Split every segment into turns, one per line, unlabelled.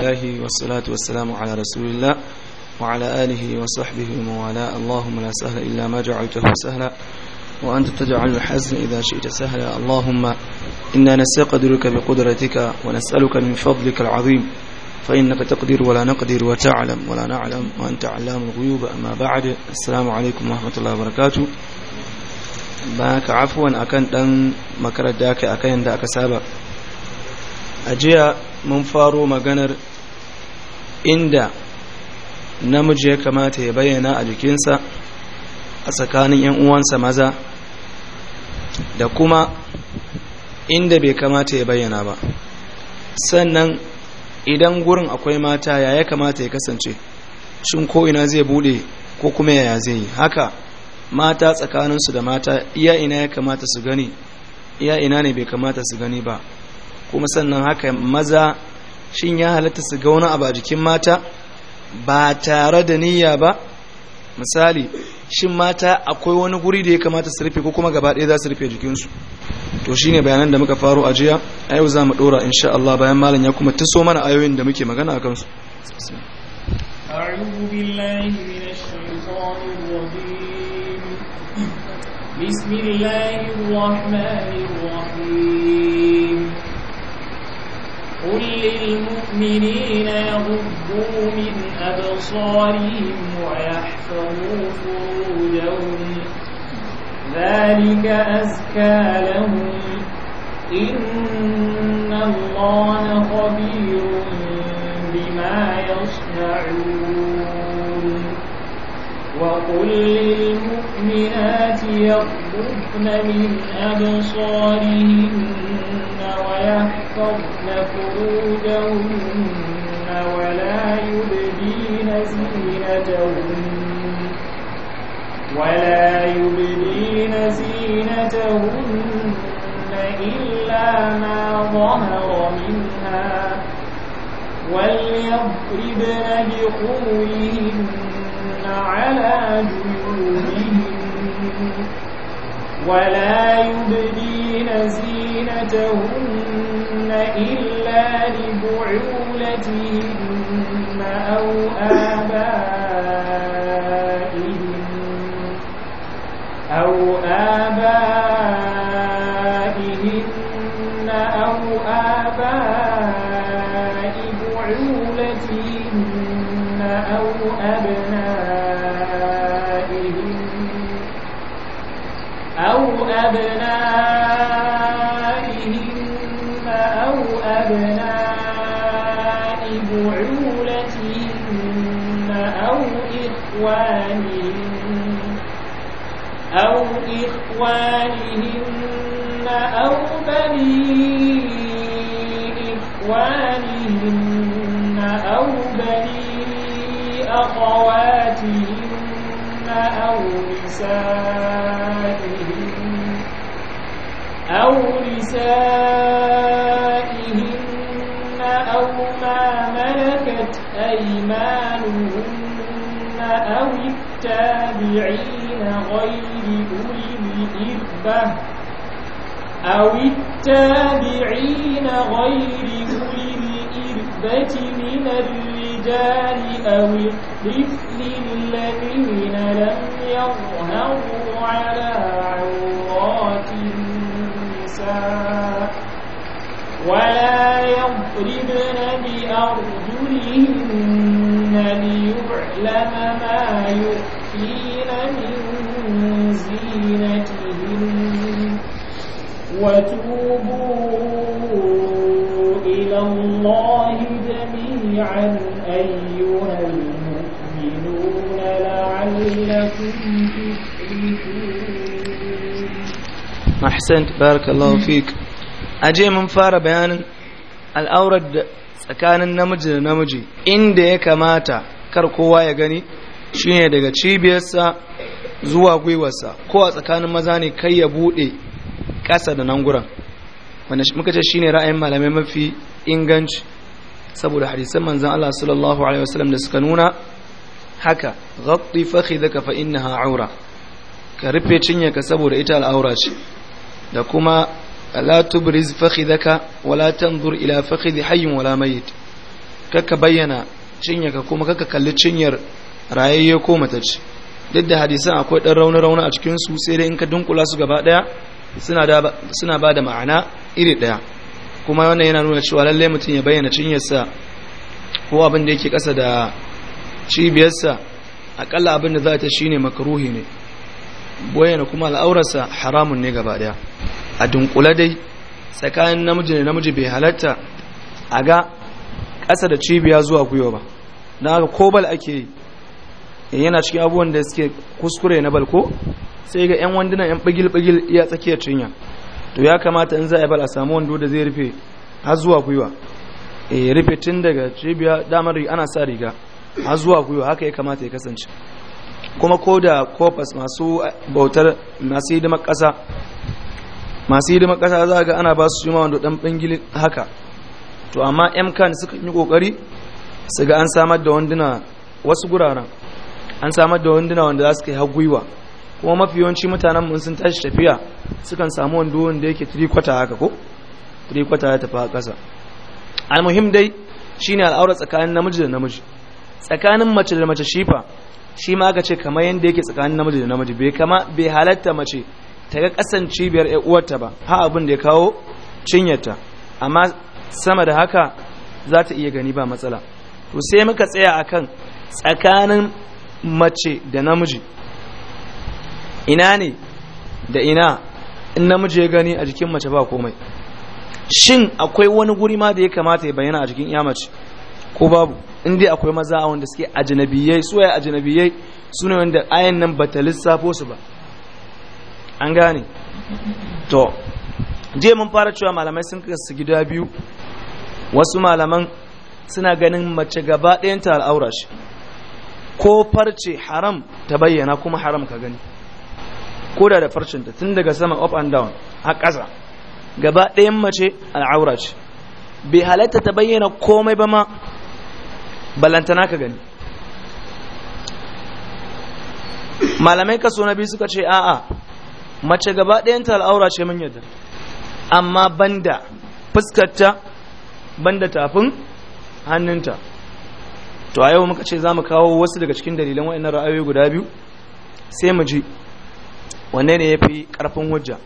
الله والصلاة والسلام على رسول الله وعلى آله وصحبه وموالاه اللهم لا سهل إلا ما جعلته سهلا وأنت تجعل الحزن إذا شئت سهلا اللهم إنا نستقدرك بقدرتك ونسألك من فضلك العظيم فإنك تقدر ولا نقدر وتعلم ولا نعلم وأنت علام الغيوب أما بعد السلام عليكم ورحمة الله وبركاته باك عفوا أكن أن مكرداك da داك akan yadda mun faro maganar inda namiji ya kamata ya bayyana a jikinsa a tsakanin 'yan uwansa maza da kuma inda bai kamata ya bayyana ba sannan idan gurin akwai mata ya ya kamata ya kasance shin ko'ina zai bude ko kuma yaya zai yi haka mata tsakaninsu da mata iya ina ya kamata su gani iya ina ne bai kamata su gani ba kuma sannan haka maza shin ya halatta su ga wani abu a jikin mata ba tare da niyya ba misali shin mata akwai wani guri da ya kamata su rufe ko kuma gaba ɗaya za su rufe jikinsu to shine bayanan da muka faro a jiya a yau za mu ɗora insha Allah bayan malam ya kuma taso mana ayoyin da muke magana a kansu
بسم الله الرحمن قل للمؤمنين يغضوا من أبصارهم ويحفظوا فروجهم ذلك أزكى لهم إن الله خبير بما يصنعون وقل للمؤمنين المؤمنات يغضبن من أبصارهن ويحفظن فروجهن ولا يبدين زينتهن ولا يبدين زينتهن إلا ما ظهر منها وليضربن بقولهن على جنوبهن ولا يبدين زينتهن إلا لبعولتهن أو آخر نسائهم أو نسائهن أو ما ملكت أيمانهن أو التابعين غير أولي الإربة أو التابعين غير أولي الإربة من الرجال أو الطفل الذين لم يظهروا أنه على عورات النساء ولا يضربن بأرجلهن ليعلم ما يخفين من زينتهن
ahsant barakallahu fik aje mun fara bayanin al'aurar tsakanin namiji da namiji inda ya kamata kar kowa ya gani shine daga cibiyarsa zuwa gwiwarsa ko a tsakanin maza ne kai ya bude kasa da nan guran wanda muka ce shine ra'ayin malamai mafi inganci saboda hadisan manzon Allah sallallahu alaihi wasallam da suka nuna haka ghatti fakhidaka fa innaha aura ka rufe ka saboda ita al'aura ce da kuma la tubriz fakhidaka wala tanzur ila fakhidhi hayyin wala mayit kaka bayyana ka kuma kaka kalli cinyar rayayye ko matacce duk da hadisan akwai dan rauni rauni a cikin su sai dai in ka dunkula su gaba daya suna da suna ba da ma'ana iri daya kuma wannan yana nuna cewa lalle mutum ya bayyana cinyarsa ko abin da yake kasa da cibiyarsa akalla abin da za ta shine makruhi ne bayyana kuma al'aurarsa haramun ne gaba daya a dunkula dai tsakanin namiji da namiji bai halatta a ga ƙasa da cibiya zuwa gwiwa ba na haka ko bal ake yi eh, yana cikin abubuwan da suke kuskure na balko sai ga 'yan wanduna 'yan bigil-bigil iya tsakiyar cinya to ya kamata in za a bal a samu wando da zai rufe har zuwa gwiwa e rufe tun daga cibiya damar ana sa riga har zuwa gwiwa haka ya kamata ya kasance kuma ko da kofas masu eh, bautar masu hidimar ƙasa masu hidimar ƙasa za ga ana ba su shi ma wanda ɗan ɓangili haka to amma mkan suka yi ƙoƙari su ga an samar da wanduna wasu guraren an samar da wanduna wanda za su kai har gwiwa kuma mafi yawanci mutanen mun sun tashi tafiya sukan samu wando wanda yake tirikwata haka ko tirikwata ya tafi a ƙasa almuhim dai shine al'aura tsakanin namiji da namiji tsakanin mace da mace shifa shi ma aka ce kamar yadda yake tsakanin namiji da namiji bai kama bai halatta mace ta ga kasan cibiyar ƴar uwarta ba ha abin da ya kawo cinyarta amma sama da haka za ta iya gani ba matsala to sai muka tsaya a kan tsakanin mace da namiji ina ne da ina in namiji ya gani a jikin mace ba komai shin akwai wani guri ma da ya kamata ya bayyana a jikin iya mace ko babu in dai akwai maza wanda suke ajinabiyai su ajinabiyai su ne wanda ayan nan ba ta lissafo su ba an gane to je mun fara cewa malamai sun kasu gida biyu wasu malaman suna ganin mace gaba ɗayanta al'aura shi ko farce haram ta bayyana kuma haram ka gani ko da da farcinta tun daga sama up and down a ƙasa gaba ɗayan mace al'aura ce bai halatta ta bayyana komai ba ma balantana ka gani malamai kaso na biyu suka ce a'a mace gaba ɗayanta al'aura ce min yadda amma banda fuskarta banda tafin hannunta to a yau muka ce za mu kawo wasu daga cikin dalilan wa'annan ra'ayoyi guda biyu sai mu ji wanne ne ya fi ƙarfin hujja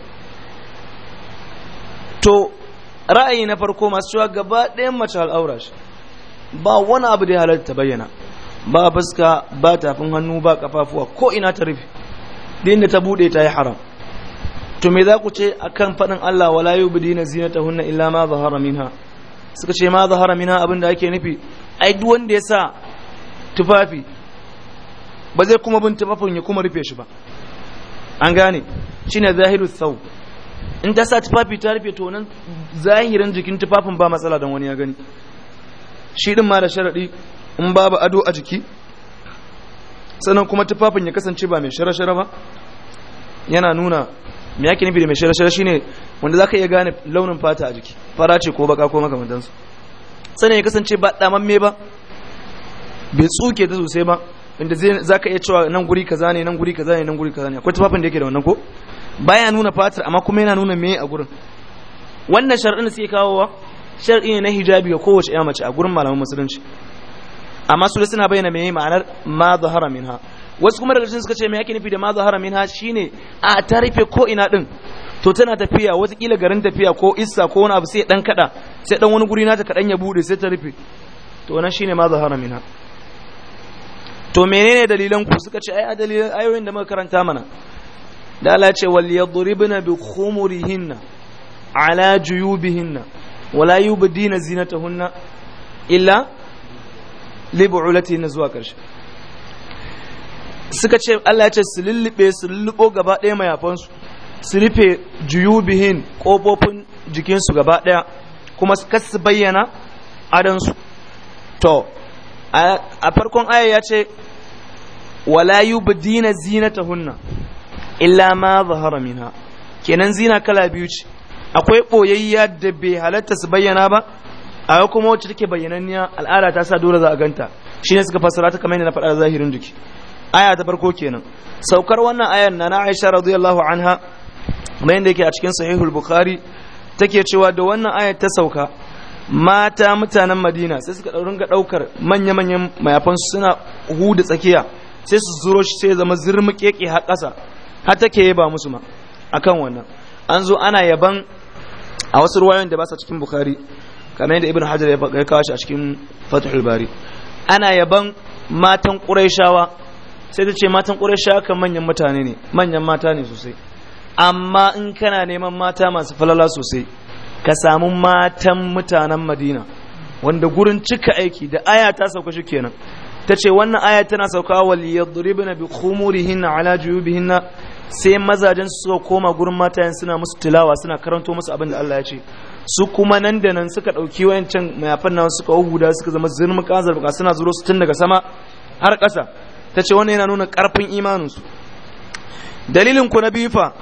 to ra'ayi na farko masu cewa gaba ɗayan mace al'aura shi ba wani abu da ya halatta bayyana ba fuska ba tafin hannu ba kafafuwa ko ina ta rufe da ta buɗe ta yi haram to me za ku ce akan faɗin Allah wala yubdina zinatahunna illa ma zahara minha suka ce ma zahara minha abinda ake nufi ai duk wanda ya sa tufafi ba zai kuma bin tufafin ya kuma rufe shi ba an gane shine zahiru sau in ta sa tufafi ta rufe to nan zahirin jikin tufafin ba matsala don wani ya gani shi din ma da sharaɗi in babu ado a jiki sannan kuma tufafin ya kasance ba mai shara-shara ba yana nuna me yake nufi da mai shara-shara ne wanda za ka iya gane launin fata a jiki fara ce ko baka ko makamantansu sanin ya kasance ba damamme ba bai tsuke ta sosai ba inda za ka iya cewa nan guri kaza ne nan guri kaza ne nan guri kaza ne akwai tufafin da yake da wannan ko baya nuna fatar amma kuma yana nuna me a gurin wannan shar'in da suke kawowa shar'i ne na hijabi ga kowace ya mace a gurin malaman musulunci amma su da suna bayyana me ma'anar ma zahara ha wasu kuma daga cikin suka ce me yake nufi da ma zahara minha shine a ta rufe ko ina din to tana tafiya wata kila garin tafiya ko issa ko wani abu sai dan kada sai dan wani guri na ta kadan ya bude sai ta rufe to wannan shine ma zahara minha to menene dalilan ku suka ce ai dalilan ayoyin da muka karanta mana da Allah ya ce wal yadribna bi khumurihinna ala juyubihinna wala yubdina zinatahunna illa li zuwa karshe suka ce Allah ya ce su lullube su lullubo gaba ɗaya mayafansu su rufe juyubihin ƙofofin jikinsu gaba ɗaya kuma su kasu bayyana adansu to a farkon aya ya ce wala ta hunna illa ma zahara minha kenan zina kala biyu ce akwai ɓoyayya da bai halatta su bayyana ba a kuma wacce take bayyananniya al'ada ta sa dole za a ganta shine suka fassara ta kamar yadda na faɗa zahirin jiki aya ta farko kenan saukar wannan ayan na Aisha radiyallahu anha mai da yake a cikin sahihul bukhari take cewa da wannan ayar ta sauka mata mutanen madina sai suka ringa daukar manya-manyan mayafan suna huda tsakiya sai su zuro shi sai zama keke har ƙasa har take ba musu ma akan wannan an zo ana yaban a wasu ruwayoyin da ba su cikin bukhari kamar yadda ibn hajar ya kawo shi a cikin fathul bari ana yaban matan quraishawa sai ta ce matan ƙuraysha shaka manyan mutane ne manyan mata ne sosai amma in kana neman mata masu falala sosai ka samu matan mutanen madina wanda gurin cika aiki da aya ta sauka shi kenan ta ce wannan aya tana sauka wal yadribna bi khumurihin ala na. sai mazajen su koma gurin matayen suna musu tilawa suna karanto musu abin da Allah ya ce su kuma nan da nan suka dauki wayancan mayafan nan suka huda suka zama zirmuka zarbuka suna zuro su tun daga sama har ƙasa ta ce wannan yana nuna ƙarfin imaninsu dalilin ku na bifa fa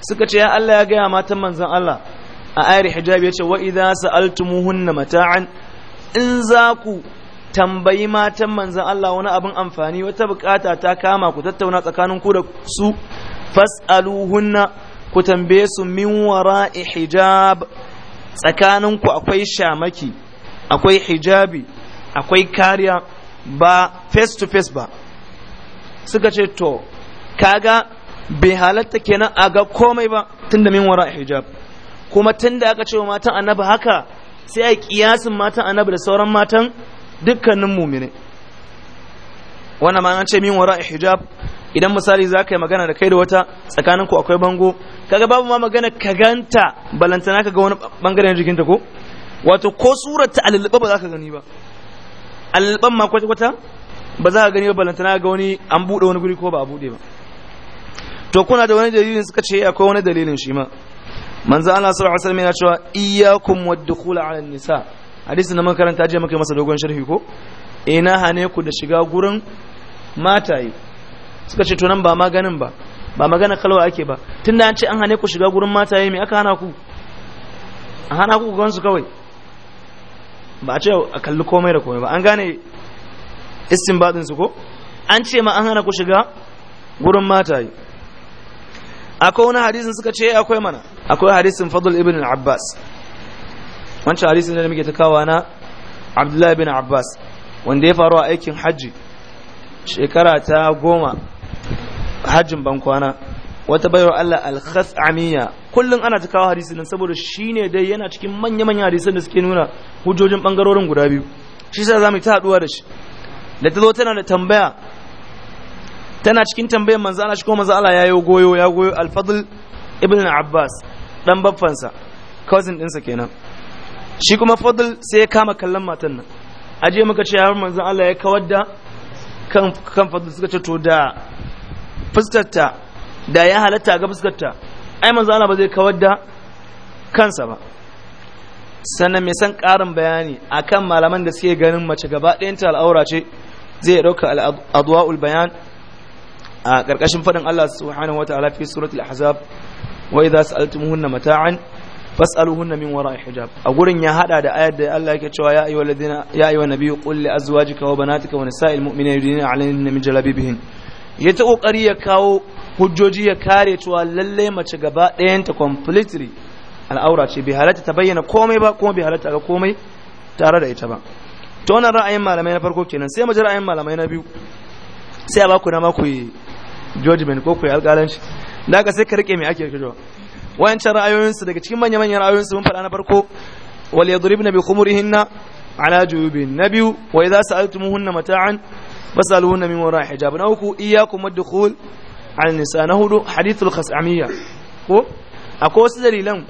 suka ce ya Allah ya gaya matan manzan Allah a ayar hijabi ya ce wa idza na mata'an in za ku tambayi matan manzan Allah wani abin amfani wata bukata ta kama ku tattauna tsakanin ku da su fas'aluhunna ku tambaye su min wara'i hijab tsakanin ku akwai shamaki akwai hijabi akwai kariya ba face to face ba suka ce to kaga bai halatta kenan a ga komai ba tunda min wara hijab kuma tunda aka ce wa matan annabi haka sai a kiyasin matan annabi da sauran matan dukkanin mumine wannan ma an ce min wara hijab idan misali za ka yi magana da kai da wata tsakanin ku akwai bango kaga babu ma magana ka ganta balantana ka ga wani bangaren jikinta ko wato ko surar ta alilba ba za ka gani ba alalban ma kwata-kwata ba za ka gani ba balantana ga wani an bude wani guri ko ba a bude ba to kuna da wani dalilin suka ce akwai wani dalilin shi ma manzo Allah sallallahu alaihi wasallam yana cewa iyyakum wadkhul ala nisa hadisi na makaranta je muka masa dogon sharhi ko ina eh, hane ku da shiga gurin mataye suka ce to nan ba maganin ba ba magana kalwa ake ba tunda an ce an hane ku shiga gurin mataye me aka hana ku a hana ku gansu kawai ba a ce a kalli komai da komai ba an gane istinbadin su ko an ce ma an hana ku shiga gurin mataye akwai wani hadisin suka ce eh, akwai mana akwai hadisin fadl ibn abbas wancan hadisin da muke ta na abdullahi ibn abbas wanda ya faru a aikin hajji shekara ta goma hajjin bankwana wata bayar Allah al amiya kullum ana ta kawo hadisin nan saboda shine dai yana cikin manya-manyan hadisan da suke nuna hujjojin bangarorin guda biyu shi sa mu ta haɗuwa da shi da ta zo tana da tambaya tana cikin tambayar manzo Allah shi ko manzo Allah yayo goyo ya goyo al-fadl ibn abbas dan baffansa cousin ɗinsa kenan shi kuma fadl sai ya kama kallon matan nan aje muka ce har manzo Allah ya kawar da kan kan fadl suka ce to da fuskarta da ya halatta ga fuskarta ai manzo Allah ba zai kawar da kansa ba sannan mai san karin bayani akan malaman da suke ganin mace gaba ta al'aura ce zai ɗauka al-adwa'ul bayan a karkashin faɗin Allah subhanahu wataala fi suratul ahzab wa idza sa'altumuhunna mata'an fas'aluhunna min wara'i hijab a gurin ya hada da ayar da Allah yake cewa ya ayyuhal ladina ya ayyuhan nabiyyu qul li azwajika wa banatika wa nisa'il mu'minina yudina 'alayhinna min jalabibihin ya ta kokari ya kawo hujjoji ya kare cewa lalle mace gaba ɗayanta completely al'aura ce bai halatta ta bayyana komai ba kuma bai halatta ga komai tare da ita ba to wannan ra'ayin malamai na farko kenan sai mu ji ra'ayin malamai na biyu sai a ba ku dama ku yi judgment ko ku yi alƙalanci da haka sai ka rike mai ake kijo wayancan ra'ayoyinsu daga cikin manya manyan ra'ayoyinsu mun faɗa na farko wal yadribna bi khumurihinna ala juyubin na biyu wa idza sa'altumuhunna mata'an fasaluhunna min wara'i hijab na uku iyyakum ad-dukhul ala nisa na hudu hadithul khas'amiyya ko akwai wasu dalilan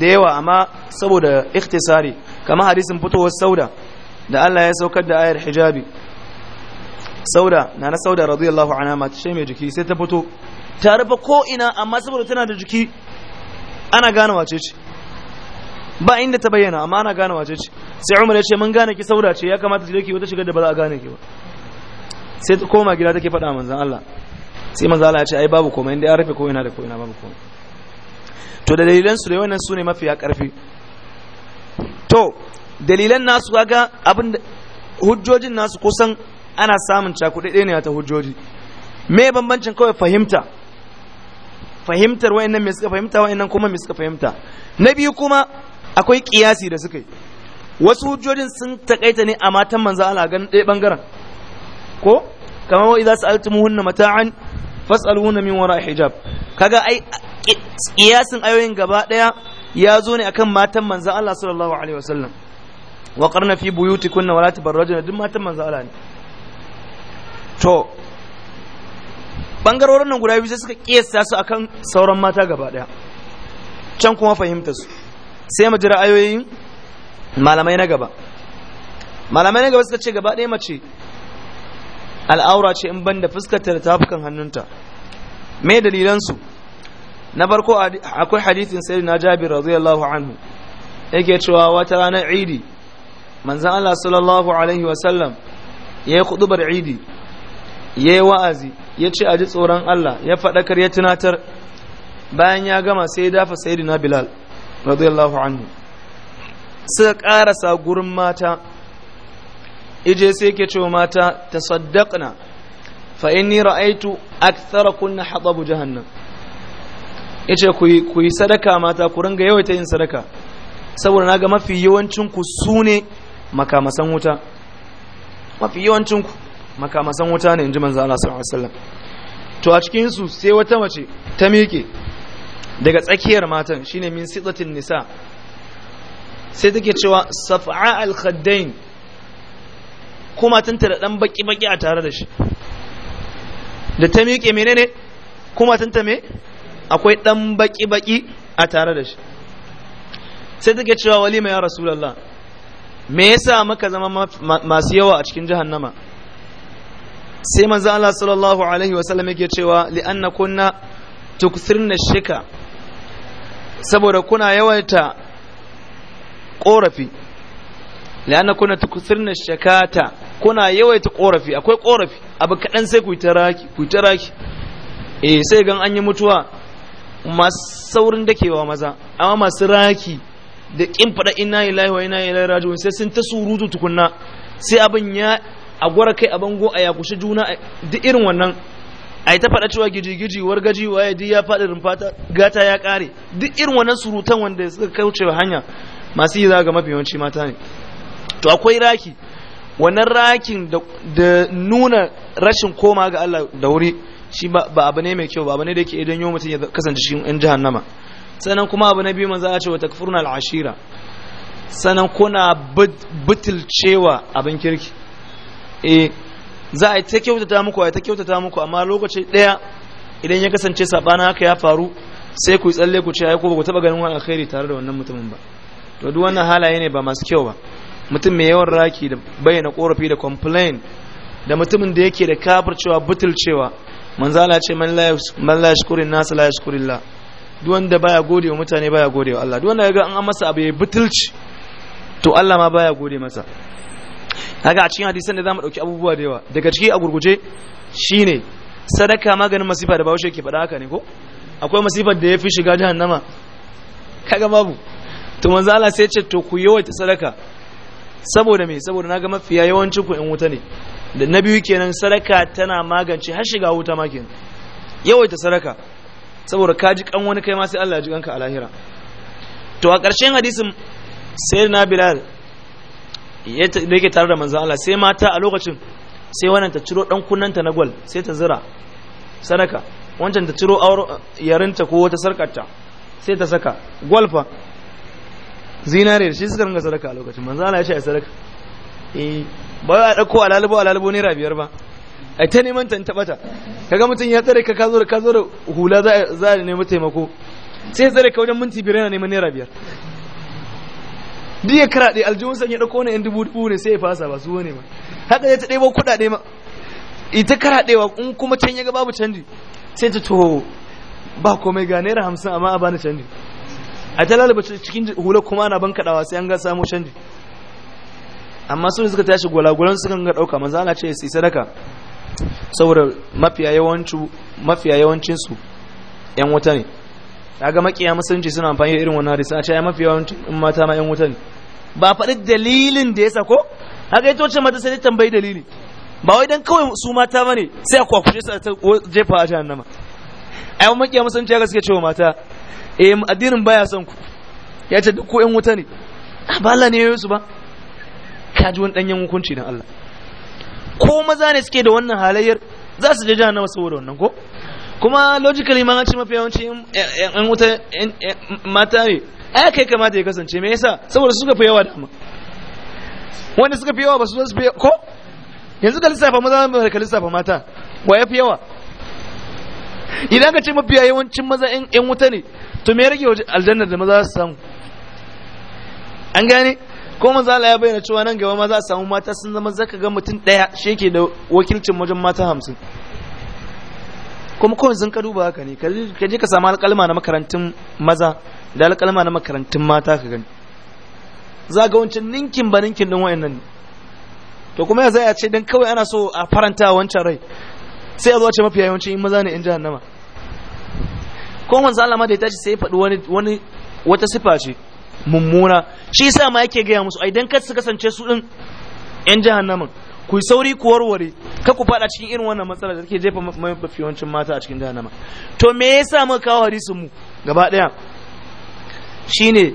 da yawa amma saboda ikhtisari kamar hadisin fitowar sauda da Allah ya saukar da ayar hijabi sauda na na sauda radiyallahu anha mata ce mai jiki sai ta fito ta rufe ko ina amma saboda tana da jiki ana gane wace ce ba inda ta bayyana amma ana gane wace ce sai Umar ya ce mun gane ki sauda ce ya kamata ki dake wata shigar da ba za a gane ki ba sai ta koma gida take faɗa manzon Allah sai manzon Allah ya ce ai babu komai inda ya rufe ko ina da ko ina babu komai to da dalilan su da wannan sune mafiya karfi to dalilan nasu kaga abin hujjojin nasu kusan ana samun cakuɗaɗɗe ne ta hujjoji me bambancin kawai fahimta fahimtar wa'annan me suka fahimta wa'annan kuma me suka fahimta na biyu kuma akwai kiyasi da suka yi wasu hujjojin sun takaita ne a matan manzo Allah ganin ɗaya bangaren ko kamar wa idza sa'altumuhunna mata'an fas'aluhunna min wara'i hijab kaga ai kiyasin ayoyin gaba ɗaya ya zo ne akan matan manzo Allah sallallahu alaihi wasallam wa qarna fi kunna wala tabarrajna duk matan manzo Allah ne to bangarorin nan guda biyu sai suka kiyasta su akan sauran mata gaba daya can kuma fahimta su sai mu jira ayoyin malamai na gaba malamai na gaba suka ce gaba ɗaya mace al'aura ce in ban da fuskarta da tafukan hannunta me su na farko akwai hadithin sayyidina na jabir radiyallahu anhu yake cewa wata ranar idi manzan Allah sallallahu alaihi wasallam ya yi kudubar idi ya yi wa'azi ya ce a ji tsoron Allah ya faɗakar ya tunatar bayan ya gama sai ya dafa na bilal radiyallahu anhu suka ƙarasa gurin mata ije sai ke cewa mata ta saddaƙna fa inni ra'aitu akthara kunna hadabu jahannam yace ku yi sadaka mata ku ringa yawaita yin sadaka saboda naga mafi yawancin ku sune makamasan wuta mafi yawancinku makamasan wuta ne inji ji manzana sallallahu alaihi wasallam to a cikin su sai wata mace ta miƙe daga tsakiyar matan shine min sidatin nisa sai take cewa saf'a al-khaddain kuma tunta da dan baki baki a tare da shi da ta miƙe menene kuma tunta me akwai dan baki baki a tare da shi sai take cewa walima ya rasulullah me yasa muka zama masu yawa a cikin jahannama sai manzo Allah sallallahu alaihi wa sallam yake cewa li anna kunna tukthirna shika saboda kuna yawaita korafi li anna kunna tukthirna shakata kuna yawaita korafi akwai korafi abu kadan sai ku taraki ku taraki eh sai gan an yi mutuwa masu saurin dakewa maza amma masu raki da kin fada inna lillahi wa inna ilaihi raji'un sai sun ta surutu tukunna sai abin ya a gwara kai a bango a yakushe juna duk irin wannan ai ta fada cewa gijigiji wargaji waye duk ya fada rumfata gata ya kare duk irin wannan surutan wanda suka kauce hanya masu yi za ga mafi yawanci mata ne to akwai raki wannan rakin da nuna rashin koma ga Allah da wuri shi ba abu ne mai kyau ba abu ne da yake idan yau mutum ya kasance cikin yan jahannama sannan kuma abu na biyu manzo a ce wa takfurna al'ashira sannan kuna butulcewa abin kirki eh za a yi ta kyautata muku a yi ta kyautata muku amma lokaci ɗaya idan ya kasance sabana haka ya faru sai ku tsalle ku ce ai ko ba ku taɓa ganin wani alkhairi tare da wannan mutumin ba to duk wannan halaye ne ba masu kyau ba mutum mai yawan raki da bayyana korafi da complain da mutumin da yake da kafircewa butulcewa manzala ce man la yashkurin nas la yashkurillah duk wanda baya gode wa mutane baya gode wa Allah duk wanda kaga an masa abu ya butulci to Allah ma baya gode masa kaga a cikin hadisan da zamu dauki abubuwa da yawa daga ciki a gurguje shine sadaka maganin masifa da Bahaushe ke fada haka ne ko akwai masifar da ya fi shiga jahannama kaga babu to manzo Allah sai ya ce to ku yawaita sadaka saboda me saboda naga mafiya yawancin ku in wuta ne da na biyu kenan sadaka tana magance har shiga wuta ma kenan yawaita sadaka saboda ka ji kan wani kai ma sai Allah ya ji kanka a lahira to a ƙarshen hadisin sayyidina bilal ya yake tare da manzon Allah sai mata a lokacin sai wannan ta ciro dan kunnanta na gwal sai ta zira sadaka wancan ta ciro yarinta ko ta sarkarta sai ta saka fa zinare shi suka ringa sadaka a lokacin manzon Allah ya ce ai sadaka eh ba ya dauko alalibo alalibo ne rabiyar ba ai ta neman ta taba ta kaga mutum ya tsare ka kazo da kazo da hula za za ne mu taimako sai ya tsare ka wajen minti biyar yana neman naira biyar duk ya karaɗe aljihun san ya ɗauko wani yan dubu dubu ne sai ya fasa ba su wani ba haka ya ta ɗebo kuɗaɗe ma ita karaɗewa in kuma can ya ga babu canji sai ta to ba komai ga naira hamsin amma a bani canji a ta lalaba cikin hula kuma ana ban kaɗawa sai an ga samu canji amma su suka tashi gwalagwalan suka ga ɗauka manzo Allah ce sai sadaka saboda mafiya yawancin su yan wuta ne ga makiya musulunci suna amfani da irin wannan hadisi a cewa mafiya yawancin mata ma yan wuta ne ba faɗi dalilin da ya sako? haka ita wacce mata sai tambayi dalili ba wai dan kawai su mata bane sai a kwakwace su a jefa a jahannama ai wani makiya musulunci ya suke cewa mata eh addinin baya son ku ya ce duk ko yan wuta ne ah, ba Allah ne ya yi su ba ka ji wani ɗanyen hukunci na Allah ko maza ne suke da wannan halayyar za su je jahannama saboda wannan ko kuma logically ma ce mafi yawanci yan eh, eh, wuta eh, mata ne ai kai kamata ya kasance me yasa saboda suka fi yawa dama wanda suka fi yawa ba su su fi ko yanzu ka lissafa maza ba ka lissafa mata wa ya fi yawa idan ka ce mafi yawancin maza yan wuta ne to me rage aljannar da maza su samu an gane ko manzo Allah ya bayyana cewa nan gaba ma za a samu mata sun zama zaka ga mutum daya shi ke da wakilcin wajen mata hamsin kuma kawai sun ka duba haka ne ka je ka samu alƙalma na makarantun maza da alƙalma na makarantun mata ka gani za ga wancan ninkin ba ninkin din wayannan to kuma ya zai ce dan kawai ana so a faranta wancan rai sai a zo ce mafiya yawanci in maza ne in jahannama ko manzo Allah ma da ya tashi sai ya faɗi wani wata sifa ce mummuna shi yasa ma yake gaya musu ai dan kar su kasance su din yan jahannamin ku yi sauri ku warware ka ku fada cikin irin wannan matsala da take jefa mafi mata a cikin jahannama to me yasa muka kawo hadisin mu gaba daya shine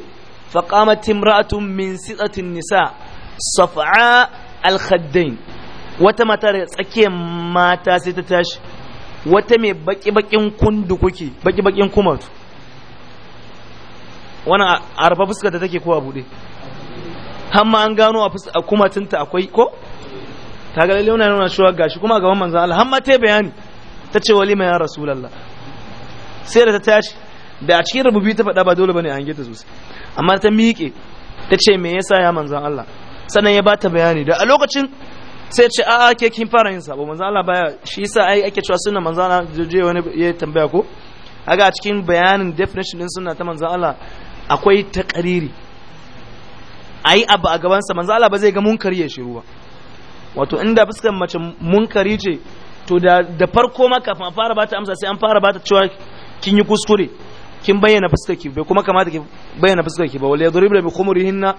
faqamat imra'atun min sitatin nisa saf'a al-khaddain wata mata da tsakiyar mata sai ta tashi wata mai baki-bakin kundu kuke baki-bakin kumatu wannan a rufe fuskar da take ko a buɗe har ma an gano a kuma kumatinta akwai ko ta ga lalle yana nuna cewa gashi kuma gaban manzon Allah har ma ta bayani ta ce walima ya rasulullah sai da ta tashi da a cikin rububi ta faɗa ba dole bane an gita sosai amma ta miƙe ta ce me yasa ya manzon Allah sannan ya bata bayani da a lokacin sai ce a'a ke kin fara yin sabo manzon Allah baya shi yasa ai ake cewa sunna manzon Allah je wani ya tambaya ko aga a cikin bayanin definition din sunna ta manzon Allah akwai takariri ayi abu a gabansa manzo Allah ba zai ga munkari ya shiru ba wato inda fuskar mace munkari ce to da da farko maka kafin a fara bata amsa sai an fara bata cewa kin yi kuskure kin bayyana fuskar ki bai kuma kamata ki bayyana fuskar ki ba wala yadribna bi khumurihinna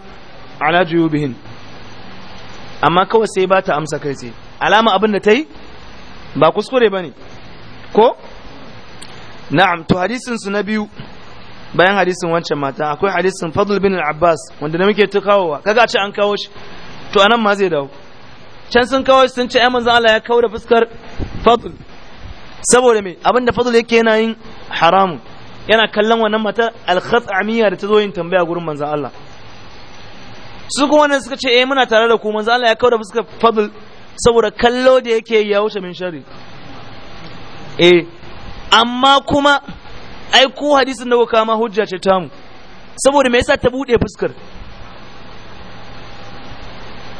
ala juyubihin amma kawai sai ba ta amsa kai sai alama abin da tai ba kuskure bane ko na'am to hadisin su na biyu bayan hadisin wancan mata akwai hadisin fadl bin al-abbas wanda da muke ta kawowa kaga a ce an kawo shi to anan ma zai dawo can sun kawo sun ce ai manzon Allah ya kawo da fuskar fadl saboda me abinda fadl yake yana yin haramun yana kallon wannan mata al-khat'amiyya da ta zo yin tambaya gurin manzon Allah su kuma wannan suka ce eh muna tare da ku manzon Allah ya kawo da fuskar fadl saboda kallo da yake ya wuce min shari eh amma kuma ai ko hadisin da kuka ma hujja ce ta mu saboda me yasa ta bude fuskar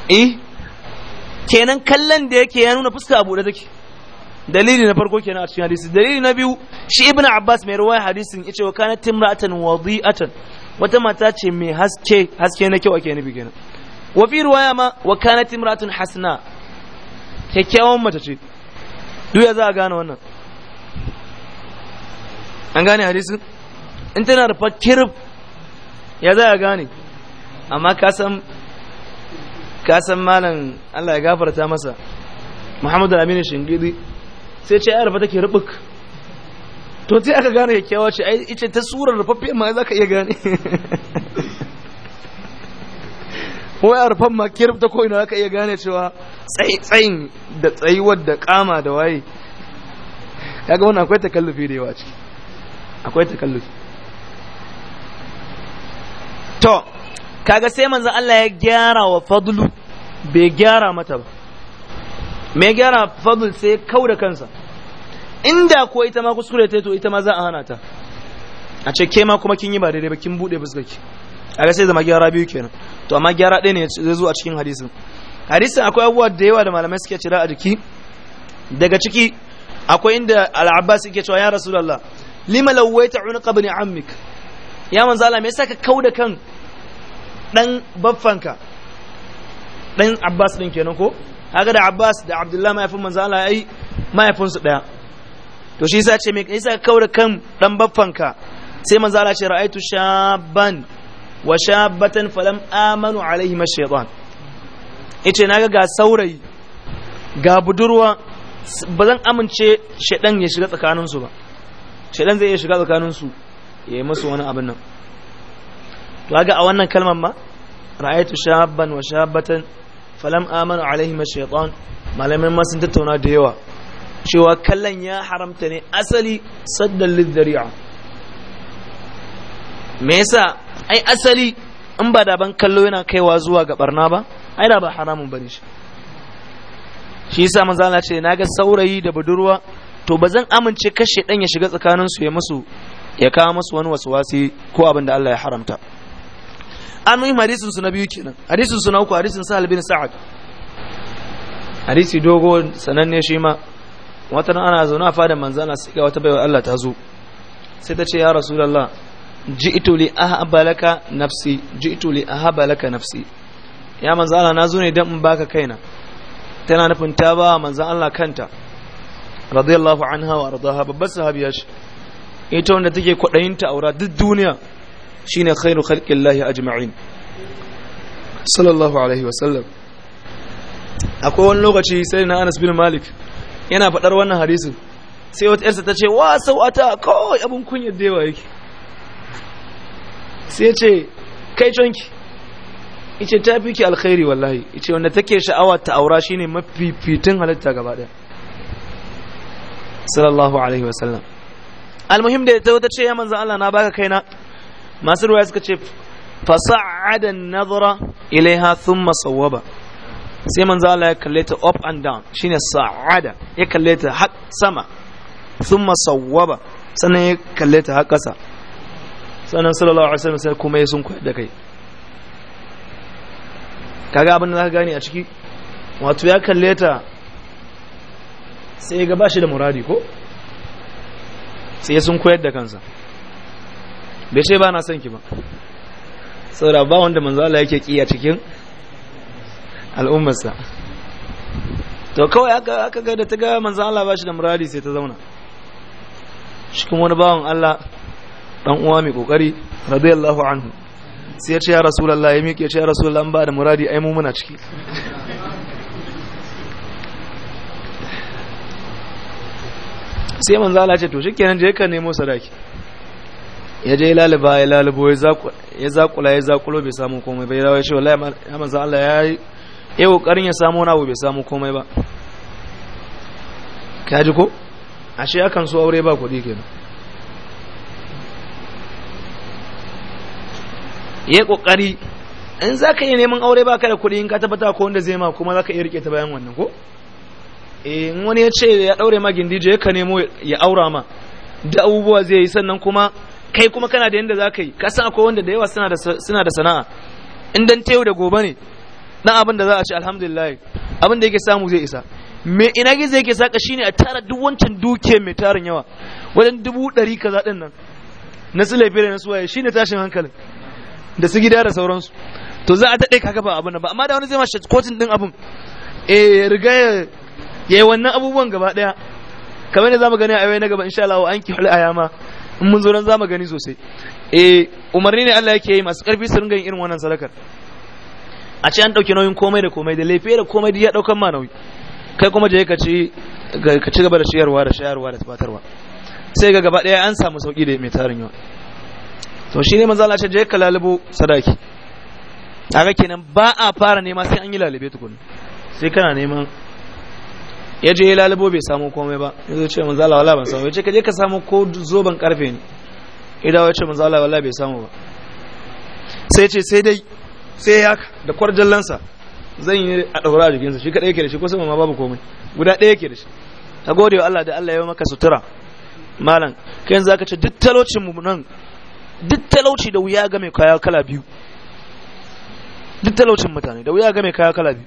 eh kenan kallon da yake ya nuna fuska abu da take dalili na farko kenan a cikin hadisi dalili na biyu shi ibnu abbas mai ruwaya hadisin yace wa kana timra'atan wadi'atan wata mata ce mai haske haske na kyau ake nabi kenan wa fi ruwaya ma wa kana timra'atun hasna kyakkyawan mata ce duk ya za a gane wannan an gane hadisi in tana da fakir ya za a gane amma kasan malan Allah ya gafarta masa muhammadu aminu Shingidi sai ce ya ayar take rubuk to sai aka gane kyakkyawa ce ai ice ta surar rufaffe ma za ka iya gane wai a rufan ma ta ko'ina za ka iya gane cewa tsayin da tsayuwar da kama da waye ya ga wani akwai takallufi da yawa ciki akwai takallus to kaga sai manzo Allah ya gyara wa fadlu bai gyara mata ba mai gyara fadlu sai kau da kansa inda ko ita ma kuskure ta to ita ma za a hana ta a ce ke ma kuma kin yi ba daidai ba kin bude fuskarki a ga sai zama gyara biyu kenan to amma gyara ɗaya ne zai zo a cikin hadisin hadisin akwai abubuwa da yawa da malamai suke cira a jiki daga ciki akwai inda al-abbas yake cewa ya rasulullah lima lawaita unuka bani amik ya manzo Allah me yasa ka kauda kan dan baffanka dan Abbas din kenan ko haka da Abbas da Abdullah mahaifin manzo Allah ai mahaifin su daya to shi yasa ce me yasa ka kauda kan dan baffanka sai manzo Allah ce ra'aitu shaban wa shabatan falam amanu alaihi ash-shaytan yace naga ga saurayi ga budurwa ba zan amince shaɗan ya shiga tsakaninsu ba shaidan zai iya shiga tsakaninsu ya yi masu wani abin nan to ga a wannan kalmar ma ra'aitu shabban wa shabbatan falam amanu ma shaytan malamin ma sun tattauna da yawa cewa kallon ya haramta ne asali saddan lidhari'a me yasa ai asali in ba da ban kallo yana kaiwa zuwa ga barna ba ai da ba haramun bane shi shi yasa manzo Allah ce naga saurayi da budurwa to ba zan amince kashe ɗan ya shiga tsakaninsu ya musu ya kawo musu wani wasuwasi ko abin da Allah ya haramta an yi hadisin su na biyu kenan hadisin su na uku hadisin sahal bin sa'ad hadisi dogo sananne shi ma wata ana zaune a fadan manzana ana sika wata baiwa Allah ta zo sai ta ce ya rasulullah ji'tu li ahabalaka nafsi ji'tu li ahabalaka nafsi ya manzana na zo ne dan in baka kaina tana nufin ta ba manzan Allah kanta radiyallahu anha wa ardaha babbar sahabiya shi ita wanda take kwaɗayin ta aura duk duniya shine khairu khalqillahi ajma'in sallallahu alaihi wa sallam akwai wani lokaci sai na Anas bin Malik yana faɗar wannan hadisin sai wata yarsa ta ce wa sau'ata kai abun kunya da yawa yake sai ce kai conki ice ta ki alkhairi wallahi ice wanda take sha'awa ta aura shine mafifitin halitta gaba daya sallallahu alaihi wasallam almuhim da ta wata ce ya manzan Allah na baka kaina masu ruwaya suka ce fasa'ada nazara ilaiha thumma sawwaba sai manzan Allah ya kalle ta up and down shine sa'ada ya kalle ta har sama thumma sawwaba sannan ya kalle ta har kasa sannan sallallahu alaihi wasallam sai kuma ya sun koyar da kai kaga abin da zaka gane a ciki wato ya kalle ta sai ga ba shi da muradi ko sai sun koyar da kansa bai ce ba na son ki ba saboda ba wanda manzo Allah yake kiyaye cikin al'ummarsa to kawai aka aka ga da ta ga manzo Allah ba shi da muradi sai ta zauna shi kuma wani bawan Allah dan uwa mai kokari radiyallahu anhu sai ya ce ya rasulullahi ya miƙe ya ce ya rasulullahi an ba da muradi ai mu muna ciki sai manzo Allah ce to shikenan je ka nemo sadaki ya je laliba ya lalibo ya zakula ya zakulo bai samu komai bai rawa ya ce wallahi ya manzo Allah ya yi kokarin ya samu wani abu bai samu komai ba ka ji ko ashe akan so aure ba kuɗi kenan ya kokari in zaka yi neman aure ba ka da kuɗi in ka tabbata ko wanda zai ma kuma zaka iya rike ta bayan wannan ko Eh, in wani ya ce ya daure ma gindije. ya ka nemo ya aura ma da abubuwa zai yi sannan kuma kai kuma kana da yanda za ka yi ka san akwai wanda da yawa suna da sana'a in dan tayo da gobe ne Na abin da za a ci alhamdulillah abin da yake samu zai isa me ina gizo yake saka shine a tara duk wancan duke mai tarin yawa wajen dubu ɗari kaza ɗin nan na su laifi da na suwaye shine tashin hankalin da su gida da sauransu to za a daɗe ka ba abin nan ba amma da wani zai ma kotun ɗin abin eh riga yi wannan abubuwan gaba ɗaya kamar da mu gani a yau na gaba insha Allah an kihul ayama in mun zo nan mu gani sosai eh umarni ne Allah yake yi masu karfi su ringa yin irin wannan sadakar a ce an dauke nauyin komai da komai da laifi da komai da ya daukan ma nauyi kai kuma je ka ci ka ci gaba da shayarwa da shayarwa da tabatarwa sai ga gaba ɗaya an samu sauki da mai tarin yawa to shine manzo Allah ce je ka lalubo sadaki kaga kenan ba a fara nema sai an yi lalube tukun sai kana neman ya je ya lalubo bai samu komai ba ya zo ce manzo Allah wala ban samu ya ce ka je ka samu ko zoban karfe ne idan ya ce manzo Allah wala bai samu ba sai ce sai dai sai ya da kwarjallansa zan yi a daura sa shi kadai yake da shi ko sama ma babu komai guda ɗaya yake da shi ka gode wa Allah da Allah ya yi maka sutura malam kai yanzu zaka ce duk talaucin mu nan duk talauci da wuya ga mai kaya kala biyu duk talaucin mutane da wuya ga mai kaya kala biyu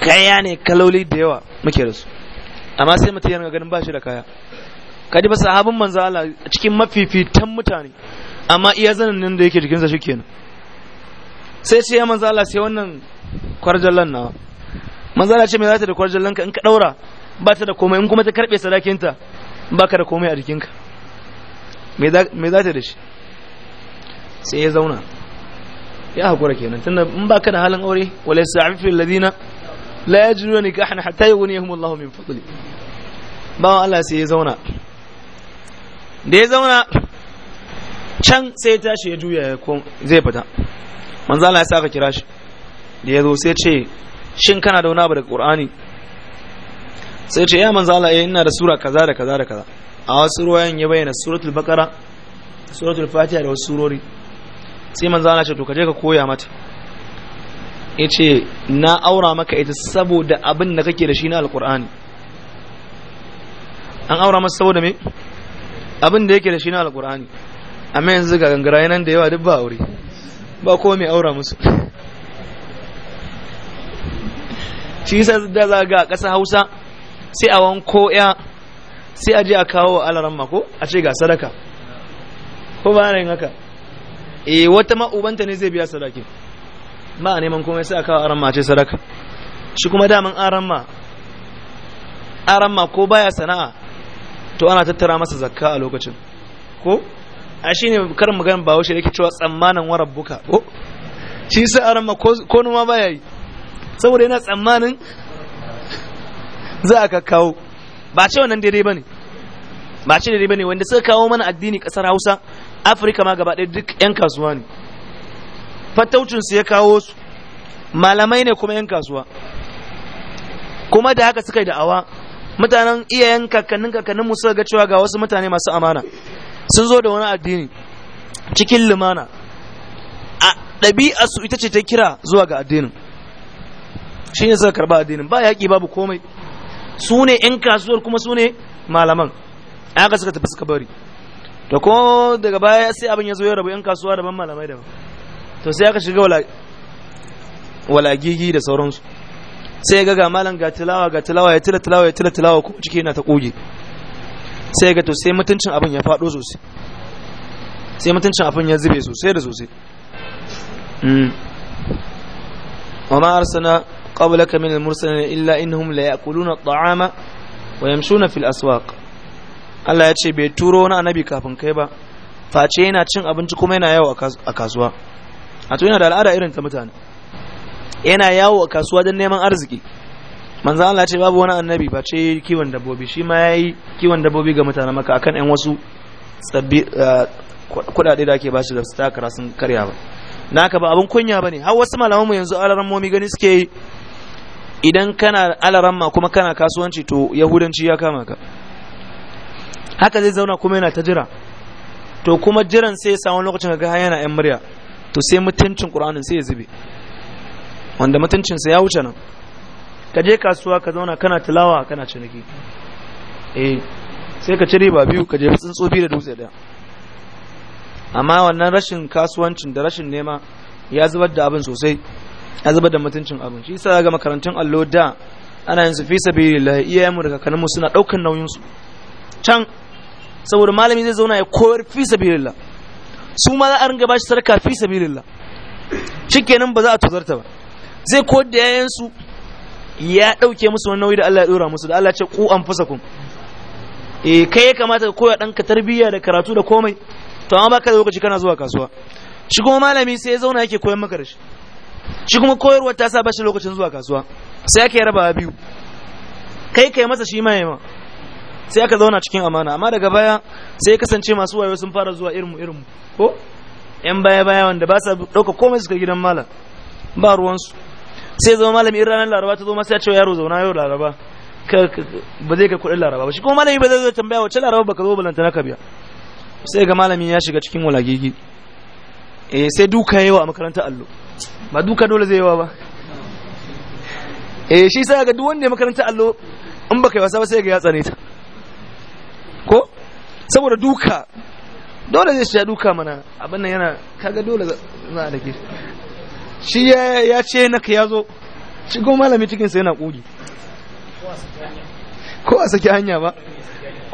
kaya ne kaloli da yawa muke da su amma sai mutum yana ganin ba shi da kaya kaji ba sahabin manzo Allah cikin mafifitan mutane amma iya zanin nan da yake sa shike kenan sai ce ya manzo Allah sai wannan kwarjallan nawa manzo Allah ce me za ta da kwarjallan ka in ka daura ba ta da komai in kuma ta karbe sadakinta ba ka da komai a jikinka me za ta da shi sai ya zauna ya haƙura kenan tunda in ba ka da halin aure wale sa'afi ladina la yajiduna nikahan hatta yughniyahum Allah min fadli bawan Allah sai ya zauna da ya zauna can sai ya tashi ya juya ya zai fita manzo Allah ya saka kira shi da ya zo sai ce shin kana da wani abu daga Qur'ani sai ce ya manzo Allah ina da sura kaza da kaza da kaza a wasu ruwayan ya bayyana suratul baqara suratul fatiha da wasu surori sai manzo Allah ce to ka je ka koya mata yace na aura maka ita saboda abin da kake da shi na alqur'ani an aura masa saboda me abin da yake da shi na alqur'ani amma yanzu ga gangara nan da yawa duk ba aure ba ko mai aura musu shi yasa da za ga ƙasa Hausa sai a wanko ya sai a je a kawo alaran mako a ce ga sadaka ko ba yin haka eh wata ma ubanta ne zai biya sadakin. ba a neman komai sai a kawo aramma ce sadaka shi kuma daman aramma aramma ko baya sana'a to ana tattara masa zakka a lokacin ko a shi ne karin maganin ba wushe yake cewa tsammanin warar buka ko shi sai aramma ko numa baya yi saboda yana tsammanin za a kakkawo ba ce wannan daidai ba ne ba ce daidai ba ne wanda suka kawo mana addini kasar hausa afirka ma gaba ɗaya duk 'yan kasuwa ne fataucinsu ya kawo su malamai ne kuma 'yan kasuwa kuma da haka suka yi da'awa mutanen iyayen kakannin kakannin musu ga cewa ga wasu mutane masu amana sun zo da wani addini cikin lumana a ɗabi'a su ita ce ta kira zuwa ga addinin shi ne suka karɓa addinin ba yaƙi babu komai su ne 'yan kasuwar kuma su ne malaman haka suka tafi suka bari da ko daga baya sai abin ya zo ya rabu 'yan kasuwa daban malamai daban to sai aka shiga walagigi da sauransu sai ga ga malam ga tilawa ga tilawa ya tila tilawa ya tila tilawa ko ciki yana ta koge sai ga to sai mutuncin abin ya faɗo sosai sai mutuncin abin ya zube sosai da sosai mm. wa ma arsana qablaka min al-mursalin illa innahum la ya'kuluna at-ta'ama wa yamshuna fil aswaq Allah ya ce bai turo wani annabi kafin kai ba face yana cin abinci kuma yana yawo a kasuwa a to yana da al'ada irin ta mutane yana yawo a kasuwa don neman arziki manzo Allah ce babu wani annabi ba ce kiwon dabbobi shi ma yayi kiwon dabbobi ga mutanen maka akan ɗan wasu tsabbi eh, kudade da ake bashi da su takara sun karya ba naka ba abin kunya bane har wasu malamanmu yanzu alaran momi gani suke yi idan kana alaran ma kuma kana kasuwanci to yahudanci ya kama ka haka zai zauna kuma yana ta jira to kuma jiran sai ya samu lokacin ga yana yan murya to sai mutuncin ƙur'anin sai ya zube wanda mutuncinsa ya wuce nan ka je kasuwa ka zauna kana tilawa kana ciniki eh sai ka ci riba biyu ka je tsuntsu biyu da dutse ɗaya amma wannan rashin kasuwancin da rashin nema ya zubar da abin sosai ya zubar da mutuncin abin shi sa ga makarantun allo da ana yin su fi iya iyayenmu da kakanninmu suna ɗaukar nauyinsu, can saboda malami zai zauna ya koyar fi la. su ma za a ringa bashi sadaka fi sabilillah shikenan ba za a tuzarta ba zai ko da su ya dauke musu wani nauyi da Allah ya dora musu da Allah ya ce ku anfusakum eh kai ya kamata ka koya ka tarbiyya da karatu da komai to amma baka da lokaci kana zuwa kasuwa shi kuma malami sai ya zauna yake koyan maka dashi shi kuma koyarwa ta sa bashi lokacin zuwa kasuwa sai yake rabawa biyu kai kai masa shi ma yayi sai aka zauna cikin amana amma daga baya sai ya kasance masu wayo sun fara zuwa irinmu irinmu ko yan baya baya wanda ba sa dauka komai suka gidan malam ba ruwansu sai zama malami in ranar laraba ta zo masu ya ce yaro zauna yau laraba ba zai ka kuɗin laraba ba shi kuma malami ba zai zo tambaya wacce laraba ba ka zo balanta na kabiya sai ga malami ya shiga cikin walagigi eh sai duka yawa a makarantar allo ba duka dole zai yawa ba eh shi sai ga duk wanda ya makarantar allo in baka yi wasa ba sai ga ya tsane ta ko saboda duka dole zai shiga duka mana abin nan yana kaga dole za a dake shi ya ce naka ya zo shi kuma malami cikinsa yana kogi ko a saki hanya ba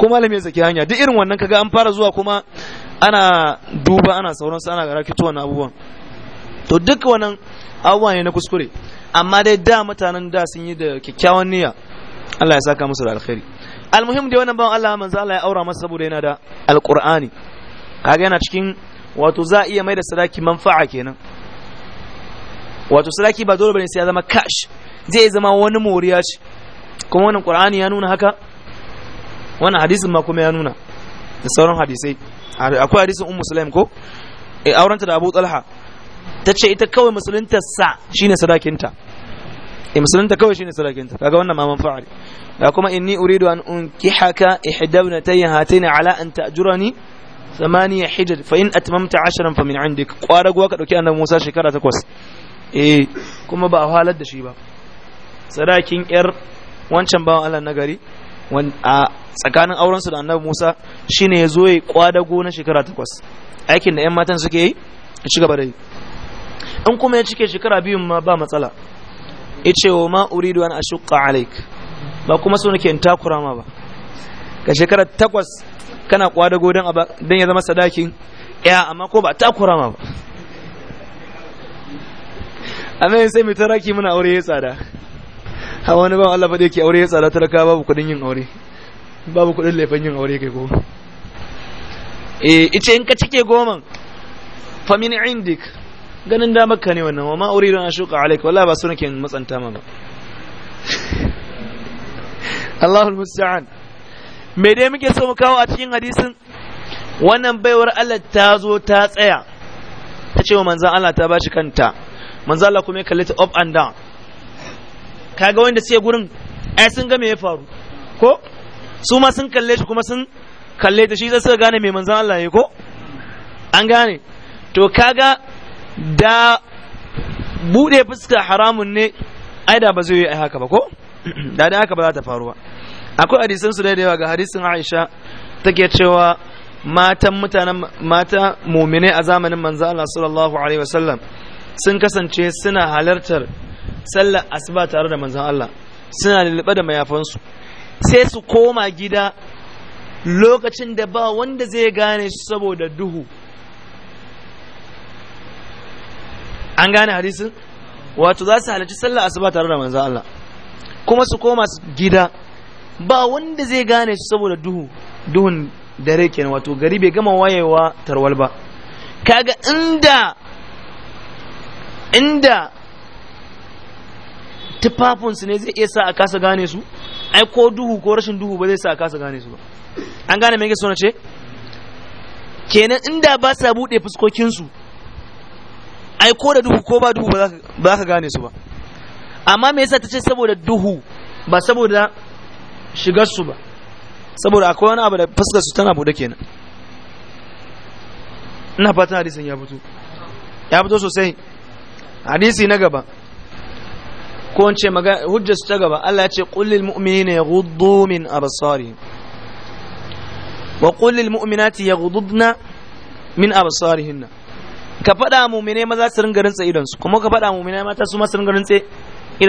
ko malami ya saki hanya duk irin wannan kaga an fara zuwa kuma ana duba ana sauransu ana garaki fito wannan abubuwan to duk wannan abubuwa ne na kuskure amma dai da mutanen da sun yi da kyakkyawan niyya Allah ya saka musu da alkhairi almuhim da wannan bawan Allah manzo Allah ya aura masa saboda yana da alqur'ani kaga yana cikin wato za iya mai da sadaki manfa'a kenan wato sadaki ba dole bane sai ya zama cash zai zama wani moriya ce kuma wannan qur'ani ya nuna haka wannan hadisin ma kuma ya nuna da sauran hadisai akwai hadisin ummu sulaim ko eh aurenta da abu talha tace ita kawai musulunta sa shine sadakinta eh musulunta kawai shine sadakinta kaga wannan ma manfa'a kuma inni uridu an unkihaka ihdabnatayya hatayna ala an ta'jurani thamaniya hijaj fa in atmamta 10 fa min 'indik kwara guwa ka dauki annabi Musa shekara 8 eh kuma ba halar da shi ba sadakin yar wancan bawan Allah nagari wan a tsakanin auren su da annabi Musa shine yazo yayi kwadago na shekara 8 aikin da yan matan suke yi a ci gaba da in kuma ya cike shekara biyu ma ba matsala ice wa ma uridu an ashuqa alayka ba kuma so nake in takura ma ba ga shekara takwas kana kwadago don don ya zama sadakin ya amma ko ba takura ma ba amma yin sai mai taraki muna aure ya tsada a wani ba Allah faɗe ke aure ya tsada taraka babu kuɗin yin aure babu kuɗin laifin yin aure kai ko eh ice in ka cike goman fa min indik ganin da maka ne wannan wa ma don an shuka alaik wallahi ba sunake matsanta ma ba Allahul musta'an me dai muke so mu kawo a cikin hadisin wannan baiwar Allah ta zo ta tsaya ta ce wa manzan Allah ta bashi kanta manzan Allah kuma ya kalli ta up and down kaga wanda sai gurin ai sun ga me ya faru ko su ma sun kalle shi kuma sun kalle ta shi sai suka gane me manzan Allah ya ko an gane to kaga da bude fuska haramun ne ai da ba zai yi haka ba ko da dai haka ba za ta faru ba akwai hadisin su da yawa ga hadisin Aisha take cewa matan mutanen mata mu'mine a zamanin manzo Allah sallallahu alaihi wasallam sun kasance suna halartar sallar asuba tare da manzon Allah suna lulluɓe da mayafansu sai su koma gida lokacin da ba wanda zai gane su saboda duhu an gane hadisin wato za su halarci sallar asuba tare da manzon Allah kuma su koma gida ba wanda zai gane su saboda duhu duhun dare kenan wato gari bai gama wayewa tarwal ba kaga inda inda tufafinsu ne zai iya sa a kasa gane su ai ko duhu ko rashin duhu ba zai sa a kasa gane su ba an gane mai gaso na ce kenan inda ba sa buɗe fuskokinsu ai ko da duhu ko ba duhu ba za ka gane su ba amma me yasa ta ce saboda duhu ba saboda shigarsu ba saboda akwai wani abu da fuskar su tana bude kenan ina fatan hadisin ya fito ya fito sosai hadisi na gaba ko in ce hujjar su ta gaba Allah ya ce kullil mu'minina yaghuddu min absarihim wa kullil mu'minati yaghuddna min absarihinna ka faɗa mu'mine maza su ringa rintsa idon su kuma ka faɗa mu'mine mata su ma su ringa rintsa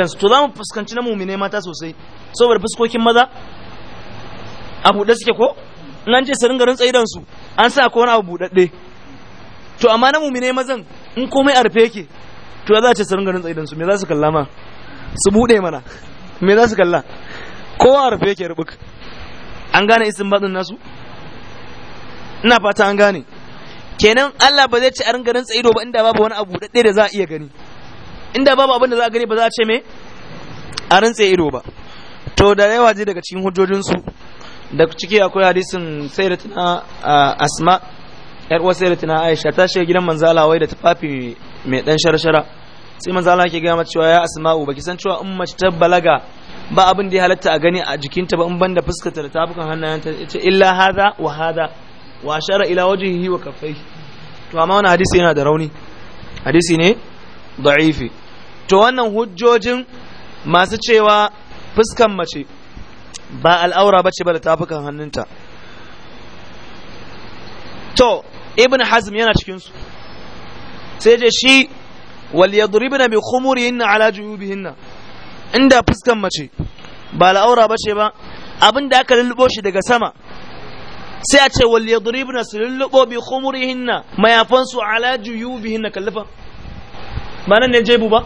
su to za mu fuskanci na mumine mata sosai saboda fuskokin maza a buɗe suke ko in an ce su ringa rintsa idansu an sa ko wani abu buɗaɗɗe to amma na mumine mazan in komai a rufe yake to za a ce su ringa rintsa idansu me za su kalla ma su buɗe mana me za su kalla kowa a rufe yake rubuk an gane isin batsin nasu ina fata an gane kenan Allah ba zai ci a ringa rantsa ido ba inda babu wani abu daɗe da za a iya gani inda babu abin da za a gani ba za a ce me a rantse ido ba to da yawa ji daga cikin hujjojinsu da ciki akwai hadisin sayyidatina asma yar da sayyidatina aisha ta shiga gidan manzo Allah wai da tufafi mai dan sharshara sai manzo Allah yake ga mata cewa ya asma'u baki san cewa in ta balaga ba abin da ya halatta a gani a jikinta ba in banda fuskarta da tafukan hannayenta ita illa hadha wa hadha wa ashara ila wajhihi wa kafai. to amma wannan hadisi yana da rauni hadisi ne da'ifi to wannan hujjojin masu cewa fuskan mace ba al'aura ba ce ba da tafukan hannunta to ibn hazm yana cikinsu sai je shi waliyadribna bi khumurihinna ala juyubihinna inda fuskan mace ba al'aura ba ce ba abin da aka lullubo shi daga sama sai a ce waliyadribna su lullubo bi khumurihinna mayafansu ala juyubihinna kallafa ba nan ne jebu ba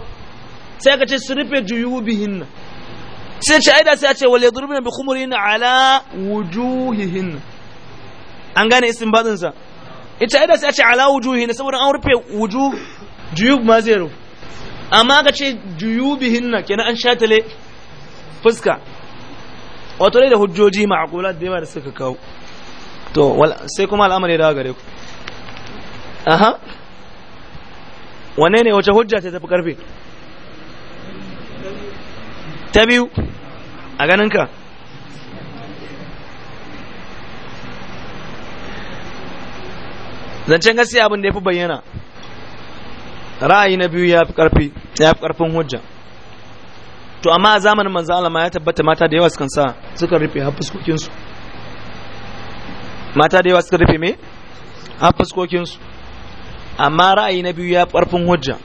sai ka ce su rufe juyubihin sai ce aida sai a ce wal na bi khumurin ala wujuhihin an gane isin sa ita aida sai a ce ala wujuhihin saboda an rufe wuju juyub ma zai amma ka ce juyubihin kenan an shatale fuska wato dai da hujjoji ma'qula da yawa da suka kawo to sai kuma al'amari da gare ku aha wane ne wace hujja ce tafi karfe ta biyu a ganinka zancen gaskiya abin da ya fi bayyana ra'ayi na biyu ya fi ƙarfin hujja to amma a zamanin manzo Allah ma ya tabbata mata da yawa sukan sa suka rufe har su mata da yawa suka rufe me har su amma ra'ayi na biyu ya fi ƙarfin hujja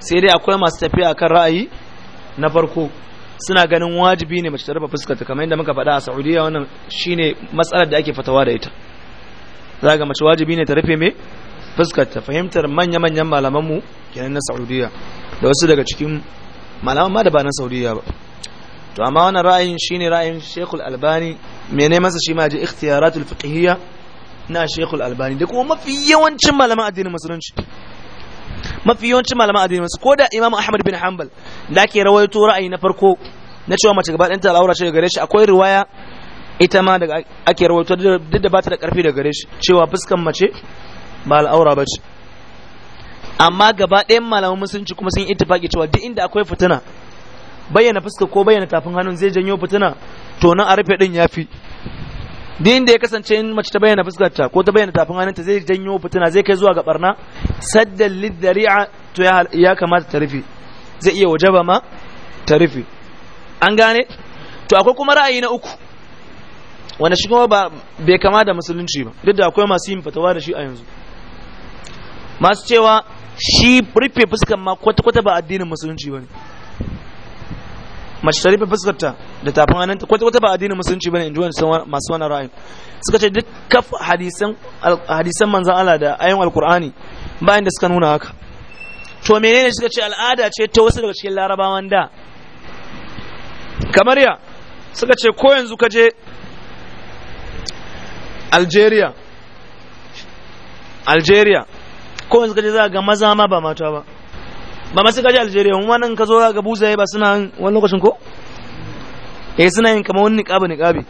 sai dai akwai masu tafiya akan ra'ayi na farko suna ganin wajibi ne mace ta rufe fuskarta kamar yadda muka faɗa a Saudiya wannan shine matsalar da ake fatawa da ita za ga mace wajibi ne ta rufe me fuskarta fahimtar manya-manyan malamanmu kenan na Saudiya da wasu daga cikin malaman ma da ba na Saudiya ba to amma wannan ra'ayin shine ra'ayin Sheikhul Albani ne masa shi ma ji ikhtiyaratul fiqhiyya na Sheikhul Albani da kuma mafi yawancin malaman addinin musulunci mafi yawancin malaman addini masu ko da imam ahmad bin hanbal da ake rawaito ra'ayi na farko na cewa mace gaba ɗanta al'aura ce daga gare shi akwai riwaya ita ma daga ake rawaito duk da bata da ƙarfi daga gare shi cewa fuskan mace ba al'aura ba ce amma gaba ɗayan malaman musulunci kuma sun yi ittifaki cewa duk inda akwai fitina bayyana fuska ko bayyana tafin hannun zai janyo fitina to nan a rufe din yafi din da ya kasance in mace ta bayyana fuskarta ko ta bayyana tafin hannunta zai janyo fitina zai kai zuwa ga barna saddal lidari'a to ya kamata ta rufe zai iya wajaba ma ta rufe an gane to akwai kuma ra'ayi na uku wanda shi kuma ba bai kama da musulunci ba duk da akwai masu yin fatawa da shi a yanzu masu cewa shi rufe fuskan ma kwata-kwata ba addinin musulunci ba ne mace ta rufe fuskarta da tafin ta kwata kwata ba addinin musulunci bane inji wani masu wani ra'ayi suka ce duk kaf hadisan hadisan manzon Allah da ayoyin alqur'ani bayan da suka nuna haka to menene suka ce al'ada ce ta wasu daga cikin larabawan da kamar ya suka ce ko yanzu ka je Algeria Algeria ko yanzu ka je za ga maza ma ba mata ba ba masu kaji algeria wani ka zo ga buzaye ba suna wani lokacin ko eh suna yin kamar wani niqabi niqabi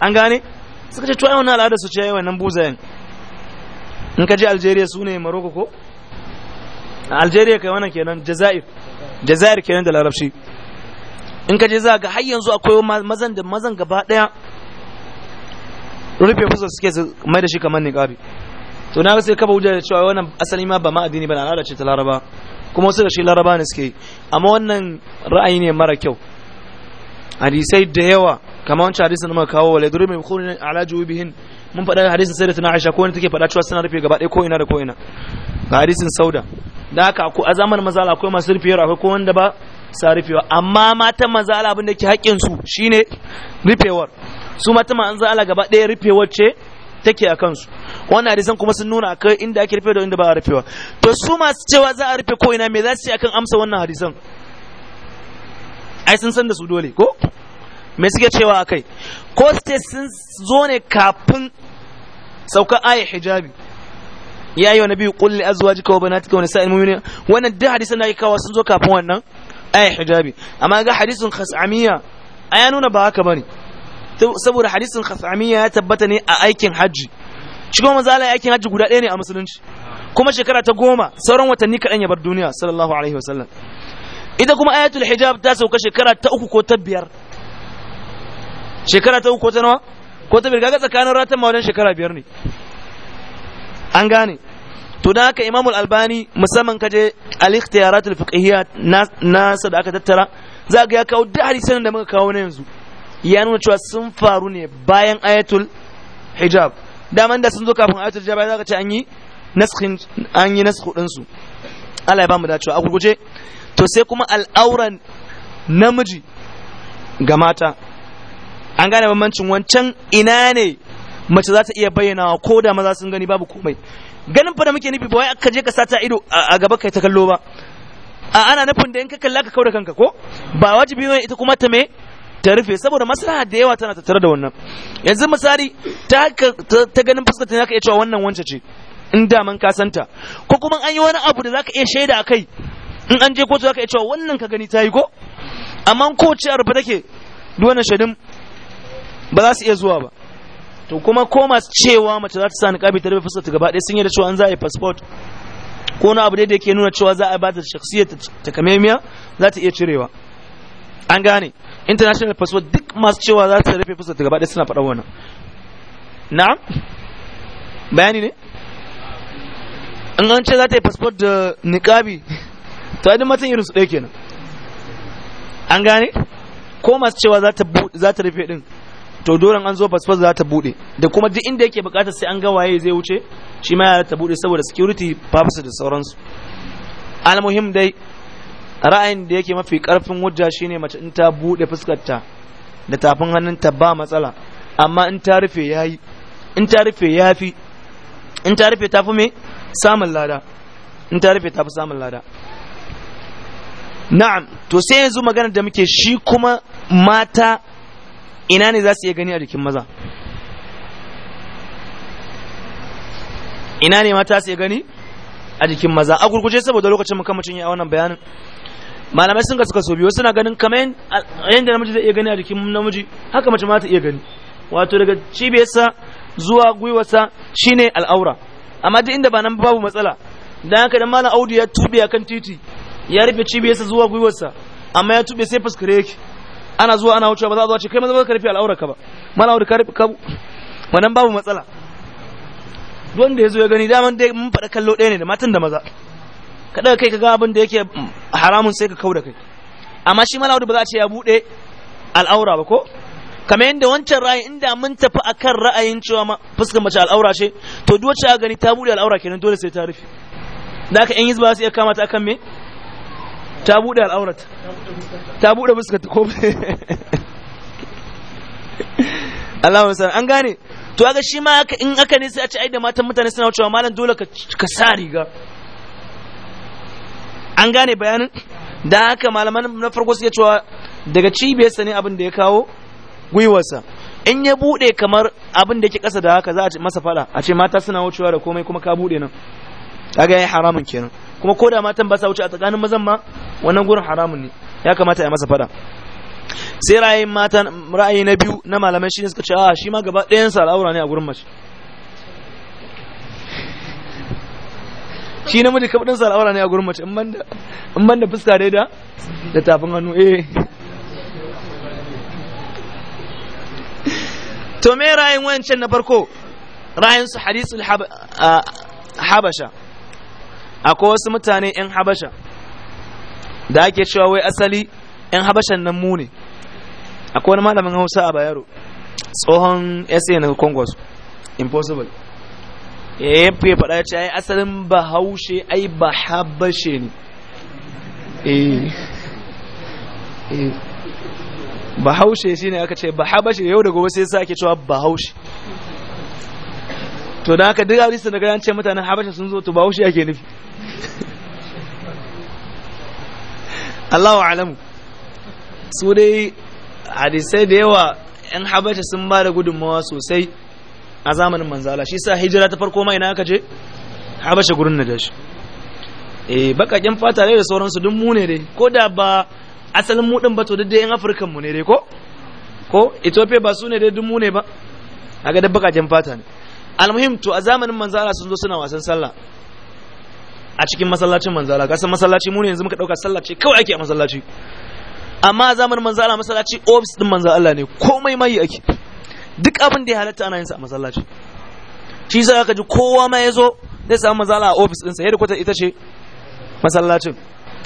an gane suka ce to ai wannan al'ada su ce ai wannan buzayen in ka je algeria su ne maroko ko algeria kai wannan kenan jazair jazair kenan da larabci in ka je za ga har yanzu akwai mazan da mazan gaba daya rufe fuskar suke su mai da shi kamar niqabi to na sai kaba ba da cewa wannan asali ma ba ma addini ba al'ada ce ta laraba kuma da shi laraba ne suke yi amma wannan ra'ayi ne mara kyau hadisai da yawa kamar wancan hadisin da muka kawo wala duru mai alaji ala jubihin mun faɗa hadisin sai da tana Aisha ko wani take faɗa cewa suna rufe gaba ɗaya ko ina da ko ina ga hadisin Sauda da haka ko a zamanin ala, akwai masu rufe rufewar akwai ko wanda ba sa rufewa amma matan maza abin da ke haƙƙinsu shine rufewar su matan ala gaba ɗaya rufewar ce take a kansu wannan hadisan kuma sun nuna akai inda ake rufe da inda ba a rufewa to su masu cewa za a rufe ko ina me za su ce akan amsa wannan hadisan ai sun san da su dole ko me suke cewa akai ko su ce sun zo ne kafin sauka ayi hijabi ya yi wa nabi kulli azwajika wa banatika wa nisa'il mu'minin wannan duk hadisan da ake kawo sun zo kafin wannan ayi hijabi amma ga hadisin khas'amiyya aya nuna ba haka bane saboda hadisin khasamiya ya tabbata ne a aikin hajji shi kuma manzo Allah aikin hajji guda ɗaya ne a musulunci kuma shekara ta goma sauran watanni kaɗan ya bar duniya sallallahu alaihi wasallam ita kuma ayatul hijab ta sauka shekara ta uku ko ta biyar shekara ta uku ko ta nawa ko ta biyar kaga tsakanin ratan mawadan shekara biyar ne an gane to dan haka imamul albani musamman kaje al-ikhtiyaratul fiqhiyya na nasa da aka tattara za ga ya kawo duk hadisan da muka kawo na yanzu ya nuna cewa sun faru ne bayan ayatul hijab daman da sun zo kafin ayatul hijab za ka ce an yi naskhin an yi din su Allah ya ba mu cewa a gurguje to sai kuma al'auran namiji ga mata an gane bambancin wancan ina ne mace za ta iya bayyana. ko da maza sun gani babu komai ganin fa da muke nufi ba wai aka je ka sata ido a gaba kai ta kallo ba a ana nufin da in ka kalla ka kauda kanka ko ba wajibi ne ita kuma ta me ta rufe saboda maslaha da yawa tana tattare da wannan yanzu misali ta ta ganin fuskar ta ka iya cewa wannan wance ce in da man ka santa ko kuma an yi wani abu da zaka iya shaida akai in an je kotu zaka iya cewa wannan ka gani ta yi ko amma ko ce arba take duk wannan shaidun ba za su iya zuwa ba to kuma ko masu cewa mace za ta sa niqabi ta rufe fuskanta ta gaba ɗaya sun yi da cewa an za a yi passport ko na abu da yake nuna cewa za a ba ta shakhsiyar ta kamemiya za ta iya cirewa an gane international password duk masu cewa za ta rufe fuskar ta gaba ɗaya suna faɗa wannan na bayani ne in an ce za ta yi fasfot da niƙabi ta yi matan irin su ɗaya kenan an gane ko masu cewa za ta rufe ɗin to doron an zo fasfot za ta buɗe da kuma duk inda yake buƙatar sai an ga waye zai wuce shi ma ya ta buɗe saboda security purposes da sauransu al-muhim dai ra'ayin da yake mafi karfin hujja shine mace in ta bude fuskarta da tafin hannunta ba matsala amma in ta rufe yayi in ta rufe yafi in ta rufe tafi me samun lada in ta rufe tafi samun lada na'am to sai yanzu magana da muke shi kuma mata ina ne za su iya gani a jikin maza ina ne mata su iya gani a jikin maza a gurguje saboda lokacin mu kan mutum ya wannan bayanin malamai sun kasu kaso biyu suna ganin kama yadda namiji zai iya gani a jikin namiji haka mace ma ta iya gani wato daga cibiyarsa zuwa gwiwarsa shine al'aura amma duk inda ba nan babu matsala dan haka dan malam audu ya tube akan titi ya rufe cibiyarsa zuwa gwiwarsa amma ya tube sai fuskare yake ana zuwa ana wucewa ba za a zuwa ce kai maza ba ka rufe al'aura ka ba malam audu ka rufe ka ba nan babu matsala wanda ya zo ya gani daman dai mun faɗa kallo ɗaya ne da matan da maza ka kai ka ga abin da yake mm, haramun sai ka kawo da kai amma shi mala ba za a ce ya bude al'aura ba ko kamar yadda wancan ra'ayi inda mun tafi akan ra'ayin cewa fuskar mace al'aura ce to duk wacce gani ta bude al'aura kenan dole sai ta rufe da aka yan zuba su iya kama ta akan me ta bude al'aura ta bude fuskar ta ko Allah san an gane to aga shi ma in aka ne sai a ce ai da matan mutane suna cewa malam dole ka sa riga an gane bayanin da haka malaman na farko suke cewa daga cibiyarsa ne abin da ya kawo gwiwarsa in ya bude kamar abin da yake kasa da haka za a masa fada a ce mata suna wucewa da komai kuma ka bude nan kaga yayi haramun kenan kuma ko da matan ba sa wuce a tsakanin mazan ma wannan gurin haramun ne ya kamata ya masa fada sai ra'ayin mata ra'ayi na biyu na malaman shi ne suka ce a ah, shi ma gaba ɗayan sa al'aura ne a gurin mace shi namiji kaf ɗinsa al'aura ne a gurin mace in ban da fuska dai da da tafin hannu eh to me ra'ayin wancan na farko ra'ayin su hadisu habasha akwai wasu mutane yan habasha da ake cewa wai asali yan habashan nan mu ne akwai wani malamin hausa a bayero tsohon sa na kongos impossible Eh, ya yafi faɗa ya ce ai asalin bahaushe ai ba habashe ne eh, eh. bahaushe shi ne aka ce ba habashe yau da gobe sai sa ake cewa bahaushe to da aka duk hadisin da gayan ce mutanen habashe sun zo to bahaushe ake nufi Allahu alamu su dai hadisai da yawa 'yan habasha sun ba da gudunmawa sosai a zamanin manzala shi sa hijira ta farko ma ina aka je habasha gurin najashi eh bakakin fata ne da sauransu duk mu ne dai ko da ba asalin mu din ba to duk dai yan afirkan mu ne dai ko ko ethiopia ba su ne dai duk mu ne ba a ga bakakin fata ne almuhim to a zamanin manzala sun zo suna wasan sallah a cikin masallacin manzala ga san masallaci mu ne yanzu muka dauka sallah ce kawai ake a masallaci amma a zamanin manzala masallaci office din Allah ne komai mai yake duk abin da ya halatta ana yin sa a masallaci shi sai aka ji kowa ma ya zo zai samu mazala a ofis ɗinsa ya rikwata ita ce masallacin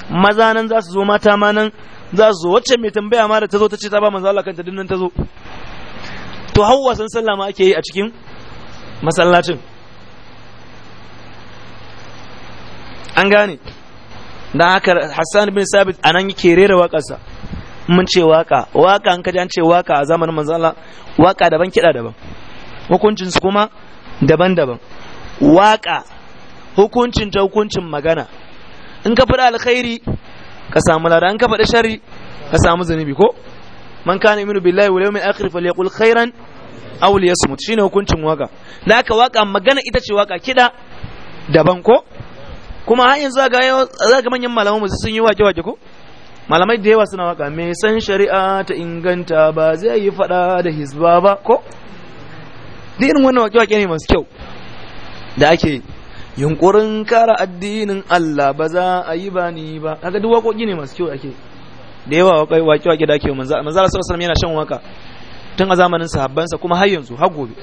maza nan za su zo mata ma nan za su zo wacce mai tambaya ma da ta zo ta ce ta ba mazala kanta dinnan ta zo to hau san sallah ma ake yi a cikin masallacin an gane don haka hassan bin sabit a nan yake rera waƙarsa mun ce waƙa waƙa an kaji an ce waƙa a zamanin manzala waka daban kiɗa daban hukuncin su kuma daban-daban waka hukuncin ta hukuncin magana in ka faɗi alkhairi ka samu lada in ka faɗi sharri ka samu zunubi ko man kana yuminu billahi wal yawmil akhir falyaqul khairan aw liyasmut shine hukuncin waka da aka waka magana ita ce waka kida daban ko kuma har yanzu ga manyan malamu sun yi wake wake ko malamai da yawa suna waka mai san shari'a ta inganta ba zai yi fada da hizba ba ko da irin wannan wake-wake ne masu kyau da ake yunkurin kara addinin Allah ba za a yi ba ni ba Haka duk wakoki ne masu kyau ake da yawa wake-wake da ake yi wa manzara sallallahu alaihi yana shan waka tun a zamanin sahabbansa kuma har yanzu har gobe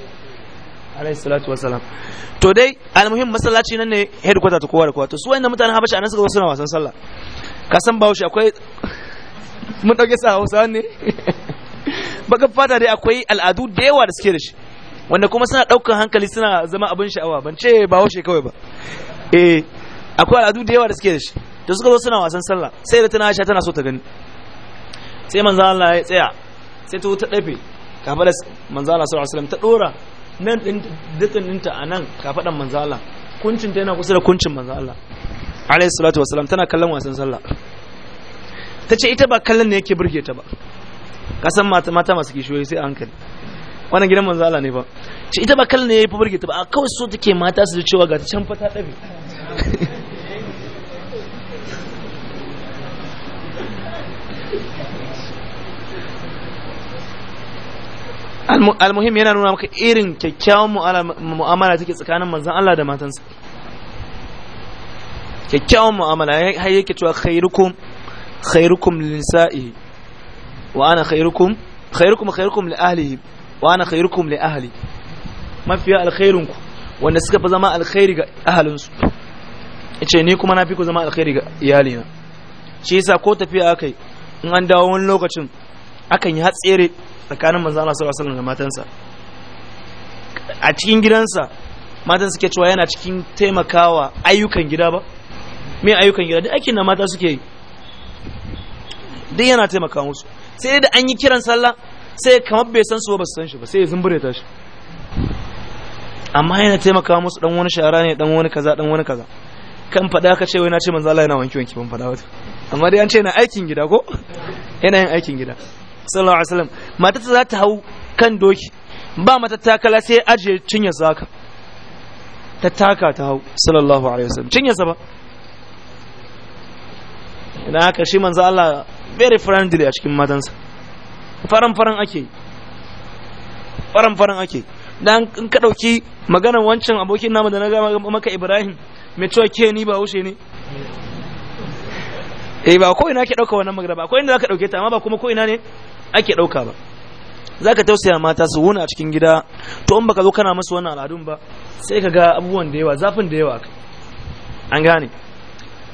alaihi salatu wasalam to dai almuhim masallaci nan ne headquarter ta kowa da kowa to su wayannan mutanen Habasha nan suka zo suna wasan sallah ka san bahaushe akwai mun ɗauke sa hausa ne baka fata dai akwai al'adu da yawa da suke da shi wanda kuma suna daukan hankali suna zama abin sha'awa ban ce bahaushe kawai ba eh akwai al'adu da yawa da suke da shi da suka zo suna wasan sallah sai da tana aisha tana so ta gani sai manzo Allah ya tsaya sai ta ta dafe kafa da manzo Allah sallallahu alaihi wasallam ta dora nan din dukan ninta anan kafadan manzo Allah kuncin ta yana kusa da kuncin manzo Allah alaihi salatu wasalam tana kallon wasan sallah tace ce ita ba kallon ne yake burge ta ba kasan mata mata masu kishiyoyi sai an hankali wannan gidan manzo Allah ne ba ce ita ba kallon ne yake burge ta ba a kawai so take mata su cewa ga ta can fa ta dabe muhimmi yana nuna maka irin kyakkyawan mu'amala take tsakanin manzon Allah da matansa kyakkyawan mu'amala har yake cewa khairukum khairukum linsa'i wa ana khairukum khairukum khairukum li ahlihi wa ana khairukum li ahli mafiya alkhairunku wanda suka fi zama alkhairi ga ahalinsu ce ni kuma na fi ku zama alkhairi ga iyalina shi yasa ko tafiya akai in an dawo wani lokacin akan yi hatsere tsakanin manzo Allah sallallahu alaihi wasallam da matansa a cikin gidansa matan suke cewa yana cikin taimakawa ayyukan gida ba mai ayyukan gida duk aikin da mata suke yi duk yana taimaka musu sai da an yi kiran sallah sai kamar bai san su ba su san shi ba sai ya zumbure ta shi amma yana taimaka musu dan wani shara ne dan wani kaza dan wani kaza kan fada ka ce wai na ce manzo Allah yana wanki wanki ban fada wata amma dai an ce yana aikin gida ko yana yin aikin gida sallallahu alaihi wasallam ta za ta hau kan doki ba mata takala sai ajiye cinyar zaka ta taka ta hau sallallahu alaihi wasallam sa ba idan haka shi manzo Allah very friendly a cikin matansa faran faran ake faran faran ake dan in ka dauki maganar wancan abokin namu da na ga maka Ibrahim me cewa ke ni ba ushe ne eh ba ko ina ke dauka wannan magana ba ko inda zaka dauke ta amma ba kuma ko ina ne ake dauka ba zaka tausaya mata su wuna a cikin gida to in baka zo kana musu wannan al'adun ba sai kaga abubuwan da yawa zafin da yawa an gane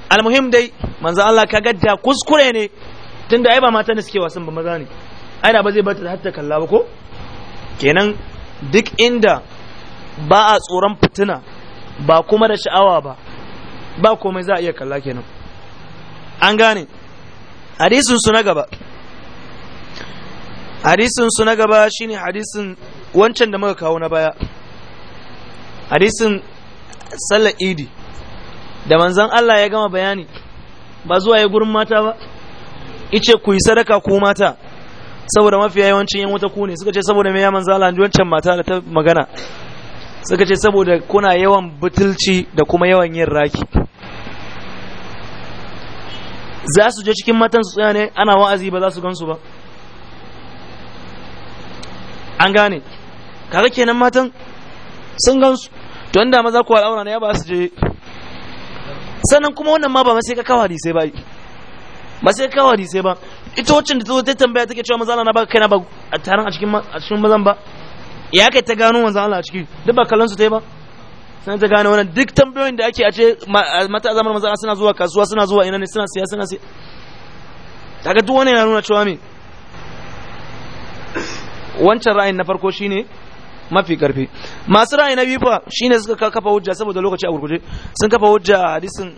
almuhim dai manzo Allah ka gadda kuskure ne tunda ai ba mata ne suke wasan ba maza ne ai da ba zai bata hatta kalla ba ko kenan duk inda ba a tsoron fitina ba kuma da sha'awa ba ba komai za a iya kalla kenan an gane hadisin su na gaba hadisin su na gaba shine hadisin wancan da muka kawo na baya hadisin sallar idi da manzan Allah ya gama bayani ba zuwa ya gurin mata ba ice ku yi sadaka ku mata saboda mafiya yawancin yan wata ku ne suka ce saboda me ya zala Allah ji wancan mata da ta magana suka ce saboda kuna yawan butulci da kuma yawan yin raki za su je cikin matan su tsaya ne ana wa'azi ba za su gansu ba an gane kaga kenan matan sun gansu to inda maza ku al'aura ne ya ba su je sannan kuma wannan ma ba ma sai ka kawo hadisai ba ba sai ka kawo hadisai ba ita wacin da ta zo ta tambaya take cewa manzo na kai kaina ba a taron a cikin a cikin mazan ba ya kai ta gano manzo Allah a ciki duk ba kallon su tai ba sannan ta gano wannan duk tambayoyin da ake a ce mata zamar manzo suna zuwa kasuwa suna zuwa ina ne suna siya suna siya ga duk wani ya nuna cewa me wancan ra'ayin na farko shine mafi karfi masu ra'ayi na biyu fa shine suka kafa hujja saboda lokaci a gurguje sun kafa hujja a hadisin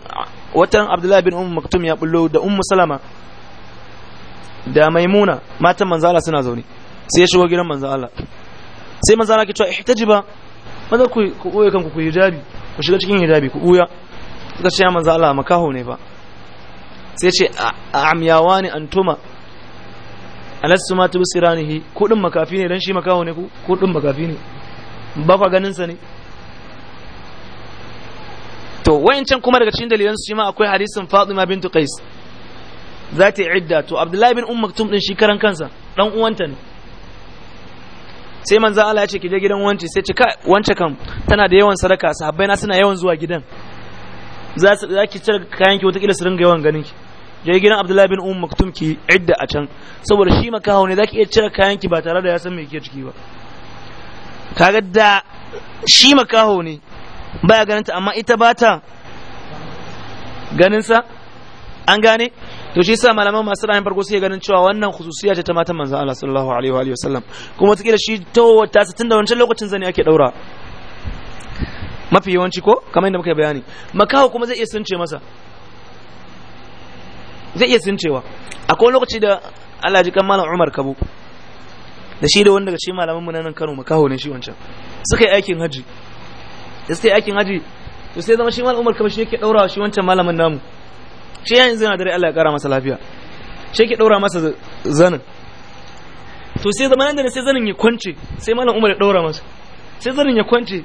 watan Abdullahi bin Ummu Maktum ya bullo da Ummu Salama da Maimuna matan manzo Allah suna zaune sai ya shigo gidan manzo Allah sai manzo Allah ke cewa ihtajiba manzo ku ku koyi kanku ku hijabi ku shiga cikin hijabi ku uya suka ce manzo Allah makaho ne ba sai ce amyawani antuma alassu ma tubsiranihi ku kudin makafi ne dan shi makaho ne ku ku makafi ne ba ku ganin sa ne to wayancan kuma daga cikin dalilan su ma akwai hadisin Fatima bint Qais zati idda to Abdullahi bin Umm Maktum din shi karan kansa dan uwanta ne sai manzo Allah ya ce ki je gidan wanci sai ci ka wance kan tana da yawan sadaka sahabbai na suna yawan zuwa gidan za ki tsara kayan ki wata kila su ringa yawan ganin ki je gidan abdullahi bin um maktum ki idda a can saboda shi makaho ne zaki iya cire kayan ki ba tare da ya san mai ke ciki ba kaga da shi makaho ne baya ganin ta amma ita bata ganin sa an gane to shi sa malaman masu rahim farko suke ganin cewa wannan khususiya ce ta matan manzo Allah sallallahu alaihi wa alihi wasallam kuma take da shi ta ta 60 da wancan lokacin zane ake daura mafi yawanci ko kamar yadda muka bayani makaho kuma zai iya sunce masa zai iya tsincewa akwai lokaci da Allah ji kan malam Umar Kabo da shi da wanda daga shi malaman mu nan Kano makaho ne shi wancan suka yi aikin haji da suka yi aikin haji to sai zama shi malam Umar Kabo shi yake daura shi wancan malamin namu shi yanzu yana dare Allah ya kara masa lafiya shi yake daura masa zanin to sai zama da sai zanin ya kwance sai malam Umar ya daura masa sai zanin ya kwance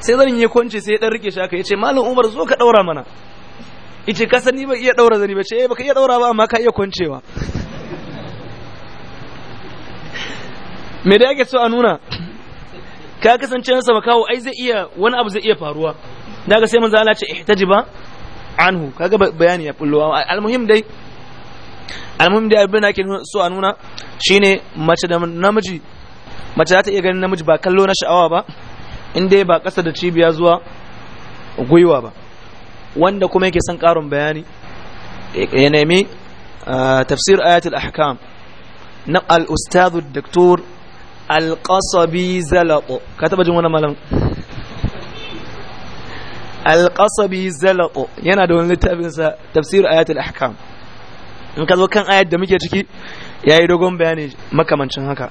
sai zanin ya kwance sai ya dan rike shi aka yace malam Umar zo ka daura mana ice ka sani ba iya daura zani ba ce eh baka iya daura ba amma ka iya kwancewa me da yake so a nuna ka kasance nasa kawo ai zai iya wani abu zai iya faruwa daga sai manzo Allah ce ba anhu kaga bayani ya bullo almuhim dai almuhim dai abin da yake so a nuna shine mace da namiji mace za ta iya ganin namiji ba kallo na sha'awa ba in dai ba kasa da cibiya zuwa gwiwa ba wanda kuma yake son ƙarin bayani ya nemi ah, tafsir ayatul ahkam na al daktor alƙasabi al zalaqo ka taba jin wani malam al zalaɓo zalaqo yana da wani littafinsa tafsir ayatul ahkam in ka zo kan ayat da muke ciki yi dogon bayani makamancin haka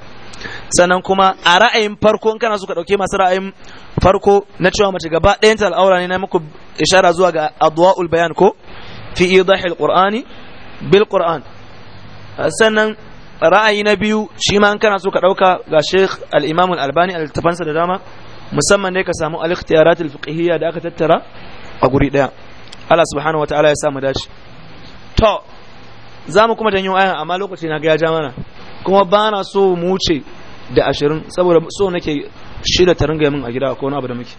sannan kuma a ra'ayin farko in kana so ka dauke masu ra'ayin farko na cewa mace gaba ɗayan ta al'aura ne na muku ishara zuwa ga adwa'ul bayan ko fi idahil qur'ani bil qur'an sannan ra'ayi na biyu shi ma in kana so ka dauka ga Sheikh al-Imam al-Albani al-tafansa da dama musamman ne ka samu al-ikhtiyarat al-fiqhiyya da aka tattara a guri daya Allah subhanahu wataala ya samu dace to za mu kuma janyo ayan amma lokaci na ga ya ja mana kuma ba na so mu wuce da ashirin saboda so nake shida ta ringa min a gida ko wani abu da muke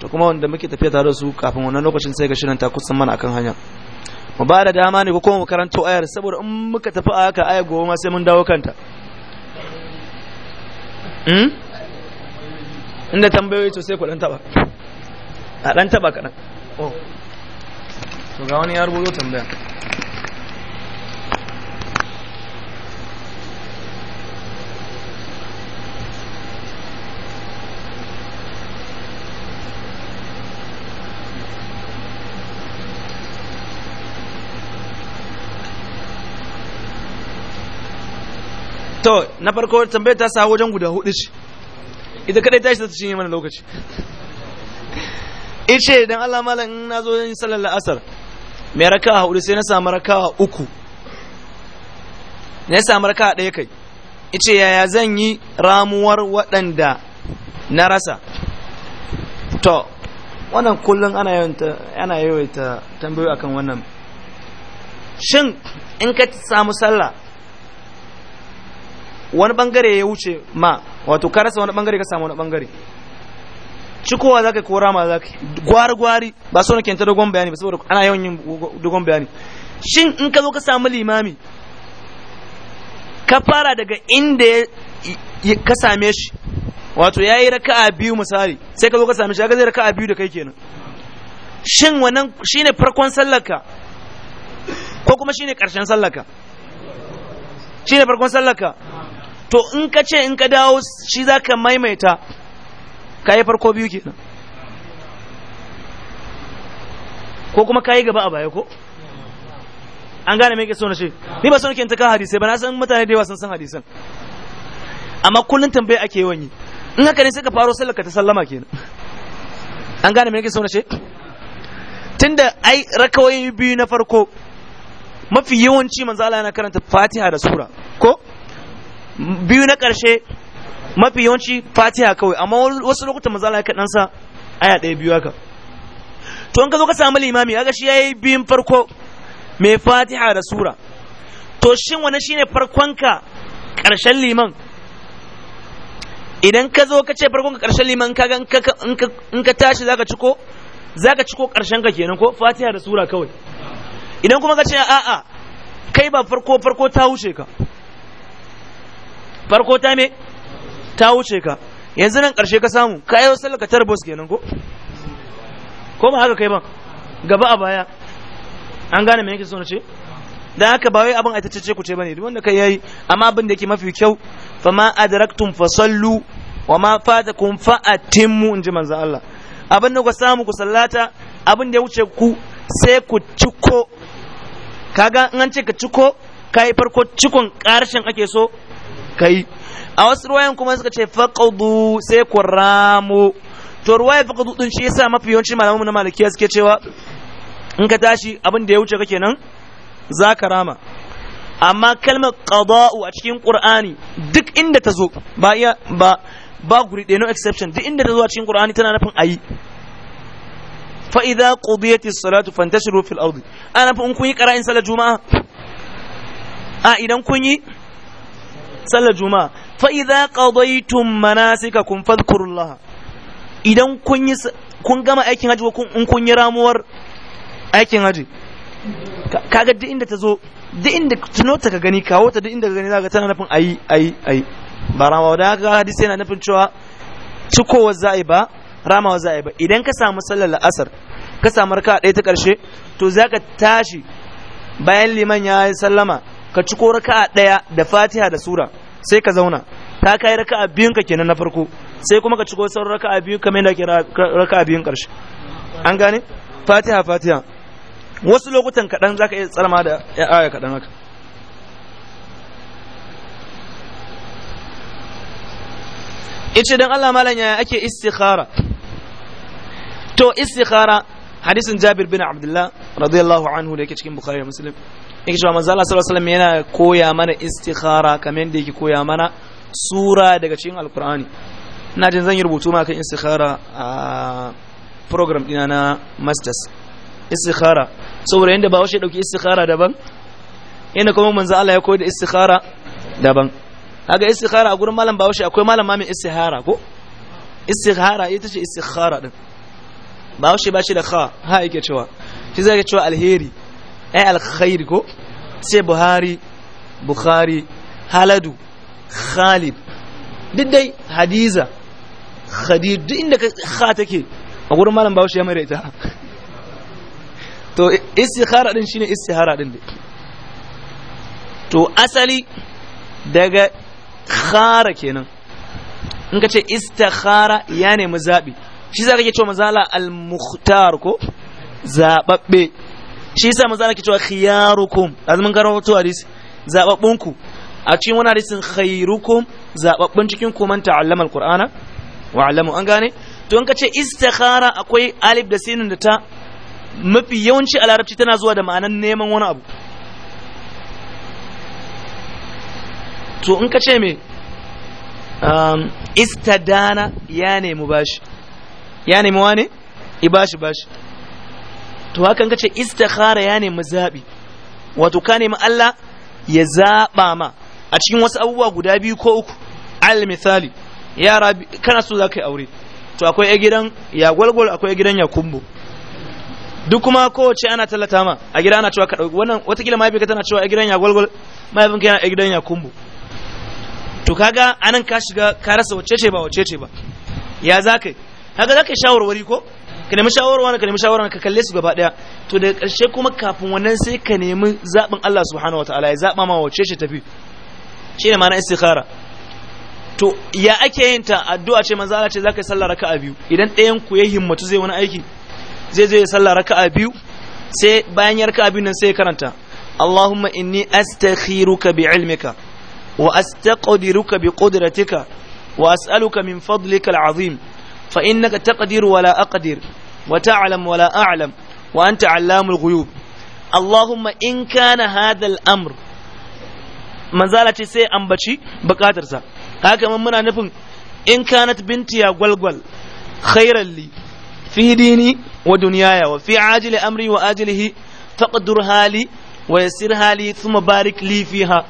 to kuma wanda muke tafiya tare da su kafin wannan lokacin sai ga shirin ta kusan mana akan hanya mu ba da dama ne ko kuma mu karanto ayar saboda in muka tafi a haka ayar gobe ma sai mun dawo kanta hmm? inda tambayoyi to sai ku dan taba a dan taba kadan to ga wani ya rubuto tambaya to na farko tambayar ta sa wajen guda hudu ce ita kadai ta shi ta cinye mana lokaci ice dan Allah malam in na zo yin sallar la'asar mai raka hudu sai na samu raka uku na samu raka ɗaya kai ice yaya zan yi ramuwar waɗanda na rasa to wannan kullum ana yawaita tambayoyi akan wannan shin in ka samu sallah wani bangare ya wuce ma wato ka rasa wani bangare ka samu wani bangare cikowa za ma za ka yi gwari gwari ba so nake kenta dogon bayani ba saboda ana yawan yin dogon bayani shin in ka zo ka samu limami ka fara daga inda ka same shi wato ya yi a biyu misali sai ka zo ka same shi ya zai a biyu da kai kenan shin wannan shine farkon sallarka ko kuma shine karshen sallarka shine farkon sallarka to in ka ce in ka dawo shi za ka maimaita ka yi farko biyu nan ko kuma ka yi gaba a baya ko an gane mai so na ce ni ba son ta ka hadisai ba na san mutane da yawa sun san hadisan amma kullum tambaya ake yawan yi in haka ne sai ka faro sallaka ta sallama kenan an gane mai so na ce tunda ai rakawai biyu na farko mafi yawanci manzala yana karanta Fatiha da sura ko biyu na ƙarshe mafi yawanci fatiha kawai amma wasu lokuta maza Allah ya kaɗan sa aya ɗaya biyu haka to in ka zo ka samu limami ya shi yayi biyun farko mai fatiha da sura to shin wani shine farkonka ƙarshen liman idan ka zo ka ce farkonka ƙarshen liman kaga in ka tashi zaka ciko zaka ciko ƙarshen ka kenan ko fatiha da sura kawai idan kuma ka ce a'a kai ba farko farko ta wuce ka farko ta me ta wuce ka yanzu nan karshe ka samu ka yi wasu ka bus kenan ko ko ba haka kai ba gaba a baya an gane mai yake so ce dan haka ba wai abin a tace ku ce bane duk wanda kai yayi amma abin da yake mafi kyau fa ma adraktum fa sallu wa ma fatakum fa atimmu inji manzo Allah abin da ku samu ku sallata abin da ya wuce ku sai ku ciko kaga in an ce ka ciko kai farko cikon karshen ake so kai a wasu ruwayan kuma suka ce faqdu sai ku ramu to ruwaya faqdu ɗin shi yasa mafi yawancin malamu na malikiya suke cewa in ka tashi abin da ya wuce kake nan za ka rama amma kalmar qada'u a cikin ƙur'ani duk inda ta zo ba iya ba ba guri ɗaya no exception duk inda ta zo a cikin ƙur'ani tana nufin yi. fa idza qudiyati salatu fantashiru fil ardi ana fa in kun yi ƙara'in salat juma'a a idan kun yi sallar juma'a fa idza qadaytum manasikakum fadhkurullah idan kun yi kun gama aikin haji ko in kun yi ramuwar aikin haji kaga duk inda ta zo duk inda ta ka gani kawo ta duk inda ka gani zaka tana nufin ayi ayi ayi ba ramawa da haka hadisi yana nufin cewa cikowa za a yi ba rama za a yi ba idan ka samu sallar la'asar ka samu raka ɗaya ta ƙarshe to za ka tashi bayan liman ya yi sallama ka ci ko raka ɗaya da fatiha da sura sai ka zauna ta kai raka'a biyun ka kenan na farko sai kuma ka ci ko sauran raka'a biyu kamar yadda ke raka'a biyun karshe an gane fatiha fatiha wasu lokutan kaɗan za ka iya tsarma da aya kaɗan haka ice don Allah malam yaya ake istikhara to istikhara hadisin Jabir bin Abdullah radiyallahu anhu da yake cikin Bukhari da Muslim yake cewa manzo Allah sallallahu alaihi wasallam yana koya mana istikhara kamar yadda yake koya mana sura daga cikin alqur'ani ina jin zan yi rubutu ma kan istikhara a program dina na masters istikhara saboda yanda ba washe dauki istikhara daban inda kuma manzo Allah ya koyar da istikhara daban kaga istikhara a gurin malam Bahaushe akwai malam mamin istihara ko istihara ita ce istikhara din Bahaushe ba shi da kha ha yake cewa shi zai cewa alheri ai alkhairi ko sai buhari bukhari haladu khalid diddai hadiza khadir duk inda ka take a gurin malam bawashi ya mai da ita to istikhara din shine istikhara din to asali daga khara kenan in ka ce istikhara ya nemi zaɓi, shi za ka ke cewa mazala al-mukhtar ko zababbe shi yasa manzo Allah ke cewa khiyarukum azumin karanto hadisi ku a cikin wani hadisin khairukum zababbun cikin ku man ta'allama alqur'ana wa 'allamu an gane to in ka ce istikhara akwai alif da sinin da ta mafi yawanci a larabci tana zuwa da ma'anar neman wani abu to in ka ce me um, istadana ya nemi bashi ya nemi wane i bashi bashi to hakan kace istikhara yana mazabi wato ka nemi Allah ya zaba ma a cikin wasu abubuwa guda biyu ko uku al misali yara kana so za yi aure to akwai ya gidan ya gwalgwal akwai ya gidan ya kumbo duk kuma kowace ana tallata ma a gida ana cewa ka dauki wannan watakila ka tana cewa a gidan ya gwalgwal ka yana a gidan ya kumbo to kaga anan ka shiga ka rasa wacece ba wacece ba ya zaka yi kaga za ka yi shawarwari ko ka nemi shawarwa ka nemi shawarwa ka kalle su gaba daya to daga karshe kuma kafin wannan sai ka nemi zaɓin Allah subhanahu ta'ala ya zaɓa ma wace shi tafi shi ne ma'ana istikhara to ya ake yin ta addu'a ce manzo Allah ce zaka yi sallah raka'a biyu idan ɗayan ku ya himmatu zai wani aiki zai zo ya sallah raka'a biyu sai bayan ya raka'a biyu nan sai ya karanta Allahumma inni astakhiruka bi ilmika wa astaqdiruka bi qudratika wa as'aluka min fadlika al'azim fa innaka taqdiru wa la aqdir وتعلم ولا أعلم وأنت علام الغيوب اللهم إن كان هذا الأمر من زالت سي أنبتشي بكاترسا هكذا من منا نفن إن كانت بنتي غلغل خيرا لي في ديني ودنياي وفي عاجل أمري وآجله فقدرها لي ويسرها لي ثم بارك لي فيها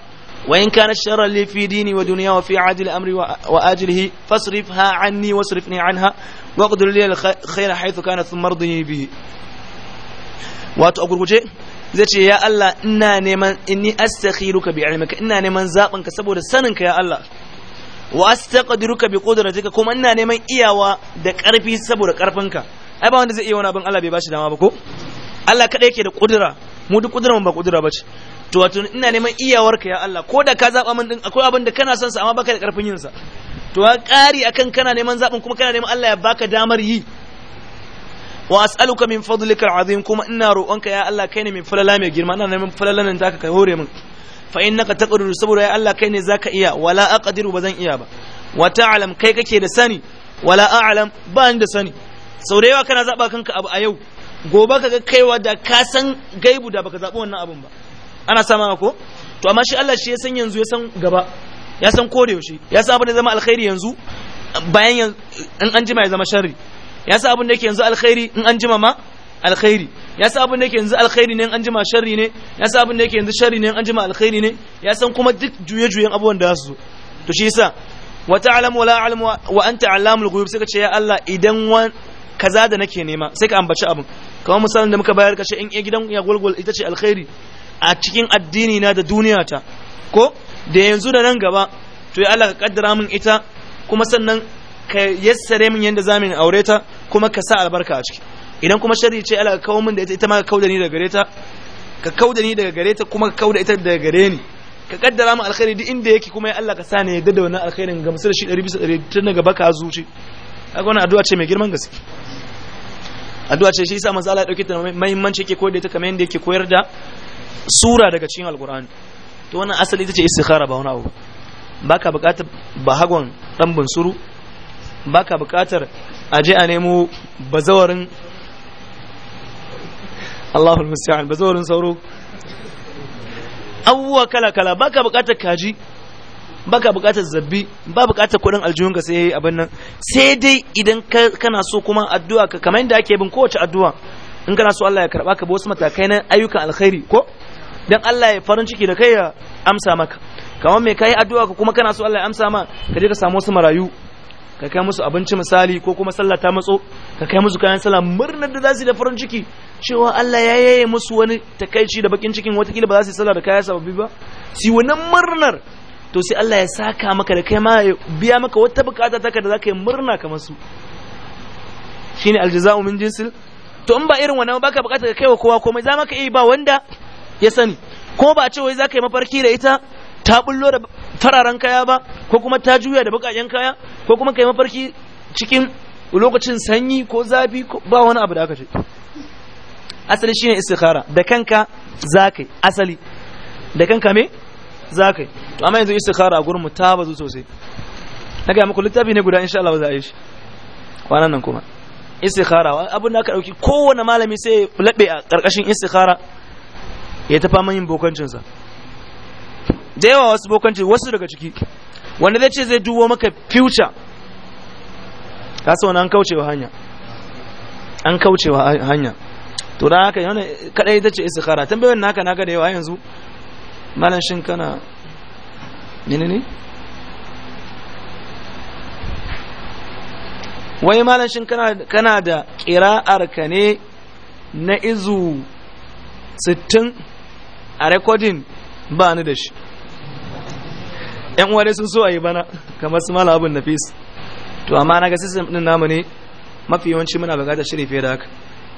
وإن كانت شرا لي في ديني ودنيا وفي عاجل أمري وآجله فاصرفها عني واصرفني عنها waqdur lil khayra haythu kana thumma ardini bihi wato a gurguje zai ce ya Allah ina neman inni astakhiruka bi ilmika ina neman zaben ka saboda saninka ya Allah wa astaqdiruka bi qudratika kuma ina neman iyawa da karfi saboda karfinka ai ba wanda zai iya wani abin Allah bai bashi dama ba ko Allah kada yake da kudura mu duk kudurar ba kudura bace to wato ina neman iyawarka ya Allah ko da ka zaba min din akwai abin da kana son sa amma baka da karfin yin sa to a ƙari akan kana neman zaɓin kuma kana neman Allah ya baka damar yi wa as'aluka min fadlika al'azim kuma ina roƙonka ya Allah kai ne min falala mai girma ina neman falalan nan zaka kai hore min fa innaka taqdiru saboda ya Allah kai ne zaka iya wala aqdiru bazan iya ba wa ta'lam kai kake da sani wala a'lam ba ni da sani sau da yawa kana zaba kanka abu a yau gobe ka ga kaiwa da ka san gaibu da baka zabi wannan abun ba ana sama ko to amma shi Allah shi ya san yanzu ya san gaba ya san ko da yaushe ya san abin da zama alkhairi yanzu bayan in an jima ya zama sharri ya san abin da yake yanzu alkhairi in an jima ma alkhairi ya san abin da yake yanzu alkhairi ne in an jima sharri ne ya san abin da yake yanzu sharri ne in an jima alkhairi ne ya san kuma duk juye-juyen abubuwan da su to shi yasa wa ta'lamu wa la a'lamu wa anta 'allamul ghuyub sai ka ce ya Allah idan wan kaza da nake nema sai ka ambaci abin kamar misalin da muka bayar kashe in gidan ya gulgul ita ce alkhairi a cikin addini na da duniyata ko da yanzu da nan gaba to ya Allah ka kaddara min ita kuma sannan ka yassare min yanda zamu aure ta kuma ka sa albarka a ciki idan kuma sharri ce Allah ka kawo min da ita ita ma ka kauda ni daga gare ta ka kauda ni daga gare ta kuma ka kauda ita daga gare ni ka kaddara min alkhairi duk inda yake kuma ya Allah ka sani yadda da wannan alkhairin ga musar shi 200 bisa tun daga baka zuci kaga wannan addu'a ce mai girman gaske addu'a ce shi yasa manzo Allah ya dauke ta muhimmanci yake koyar da ita kamar yanda yake koyar da sura daga cikin alqur'ani to wannan asali ita ce istikhara ba wani abu baka buƙatar bahagon dan bunsuru baka buƙatar aje a nemo bazawarin Allahu musta'an bazawarin sauro abubuwa kala kala baka buƙatar kaji baka buƙatar zabbi ba buƙatar aljihun aljihunka sai yayi abin nan sai dai idan kana so kuma addu'a ka kamar yadda ake bin kowace addu'a in kana so Allah ya karba ka ba wasu matakai na ayyukan alkhairi ko dan Allah ya farin ciki da kai ya amsa maka kamar me kai addu'a ka kuma kana so Allah ya amsa ma ka je ka samu wasu marayu ka kai musu abinci misali ko kuma sallah ta matso ka kai musu kayan sallah murnar da za da farin ciki cewa Allah ya yaye musu wani takaici da bakin cikin watakila ba za su yi sallah da kaya sababbi ba si wannan murnar to sai Allah ya saka maka da kai ma ya biya maka wata bukata ka da za ka yi murna kamar su shine aljaza'u min jinsil to in ba irin wannan baka bukata ka kai wa kowa komai za maka yi ba wanda ya sani ko ba a ce wai za ka yi mafarki da ita ta bullo da fararen kaya ba ko kuma ta juya da bakaken kaya ko kuma kai mafarki cikin lokacin sanyi ko zafi ba wani abu da aka ce asali shine istikhara da kanka zakai asali da kanka me zakai to amma yanzu istikhara a gurin mu ta bazu sosai na ga muku littafi ne guda insha Allah za a yi shi kwanan nan kuma istikhara abin da aka dauki kowanne malami sai labe a karkashin istikhara ya ta fama yin bokancinsa da yawa wasu bokanci wasu daga ciki wanda zai ce zai duwo maka future ka sa wani an kaucewa hanya an kaucewa hanya to da haka yana kadai ita ce istikhara tambayoyin naka naka da yawa yanzu malam shin kana nini ne wai malam shin kana da kira'ar ka ne na izu sittin a rekodin ba ni da shi yan uwa sun so a yi bana kamar su mala abin nafis to amma na ga system din namu ne mafi yawanci muna bukatar shiri fiye da haka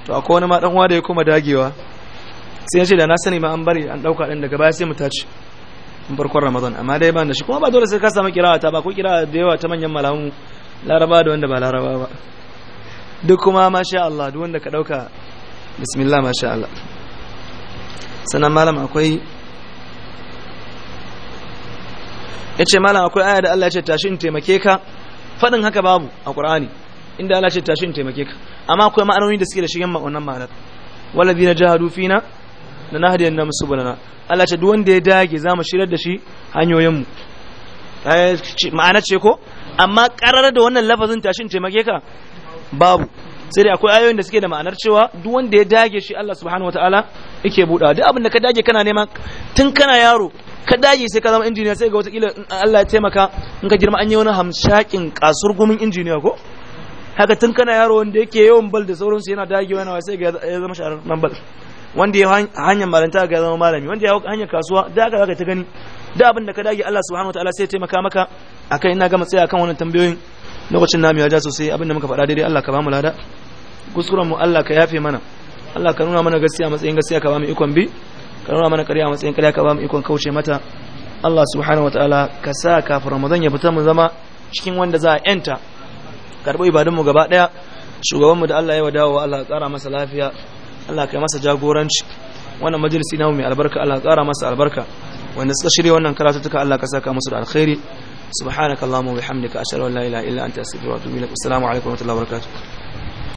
to akwai wani ma dan uwa da ya kuma dagewa sai ya ce da na sani ma an bari an dauka din daga baya sai mu tace in farkon ramadan amma dai ba da shi kuma ba dole sai ka samu kirawa ta ba ko kirawa da yawa ta manyan malamu laraba da wanda ba laraba ba duk kuma masha Allah duk wanda ka dauka bismillah masha Allah sannan malam akwai ya ce malam akwai aya da Allah ya ce in taimake ka faɗin haka babu a ƙur'ani inda Allah ya ce in taimake ka amma akwai ma'anoni da suke da shigen ma'aunan ma'anar wallabi na jihar rufina da na na musu bulana Allah ce duk wanda ya dage za mu shirar da shi hanyoyinmu ma'ana ce ko amma ƙarar da wannan lafazin in taimake ka babu sai dai akwai ayoyin da suke da ma'anar cewa duk wanda ya dage shi Allah subhanahu wataala yake budawa duk abin da ka dage kana nema tun kana yaro ka dage sai ka zama injiniya sai ga watakila Allah ya taimaka in ka girma an yi wani hamshakin kasur gumin injiniya ko haka tun kana yaro wanda yake yawan bal da sauransu yana wani yana sai ga ya zama shahararren bal wanda ya hanyar malanta ga zama malami wanda ya hanyar kasuwa da haka zaka ta gani da abin da ka dage Allah subhanahu wataala sai ya taimaka maka akan ina gama tsaya kan wannan tambayoyin lokacin namu ya ja sosai abin da muka faɗa daidai Allah ka ba mu lada kuskuren mu Allah ka yafe mana Allah ka nuna mana gaskiya matsayin gaskiya ka ba mu ikon bi ka nuna mana ƙarya matsayin ƙarya ka ba mu ikon kauce mata Allah subhanahu wataala ka sa kafin Ramadan ya fita mu zama cikin wanda za a yanta karɓi ibadunmu gaba ɗaya shugabanmu da Allah ya wadawa Allah ƙara masa lafiya Allah kai masa jagoranci wannan majalisi mu mai albarka Allah ƙara masa albarka wanda suka shirya wannan karatu tuka Allah ka saka musu da alkhairi subhanakallahumma wa bihamdika ashhadu an la ilaha illa anta astaghfiruka wa atubu ilaik assalamu alaikum wa rahmatullahi wa barakatuh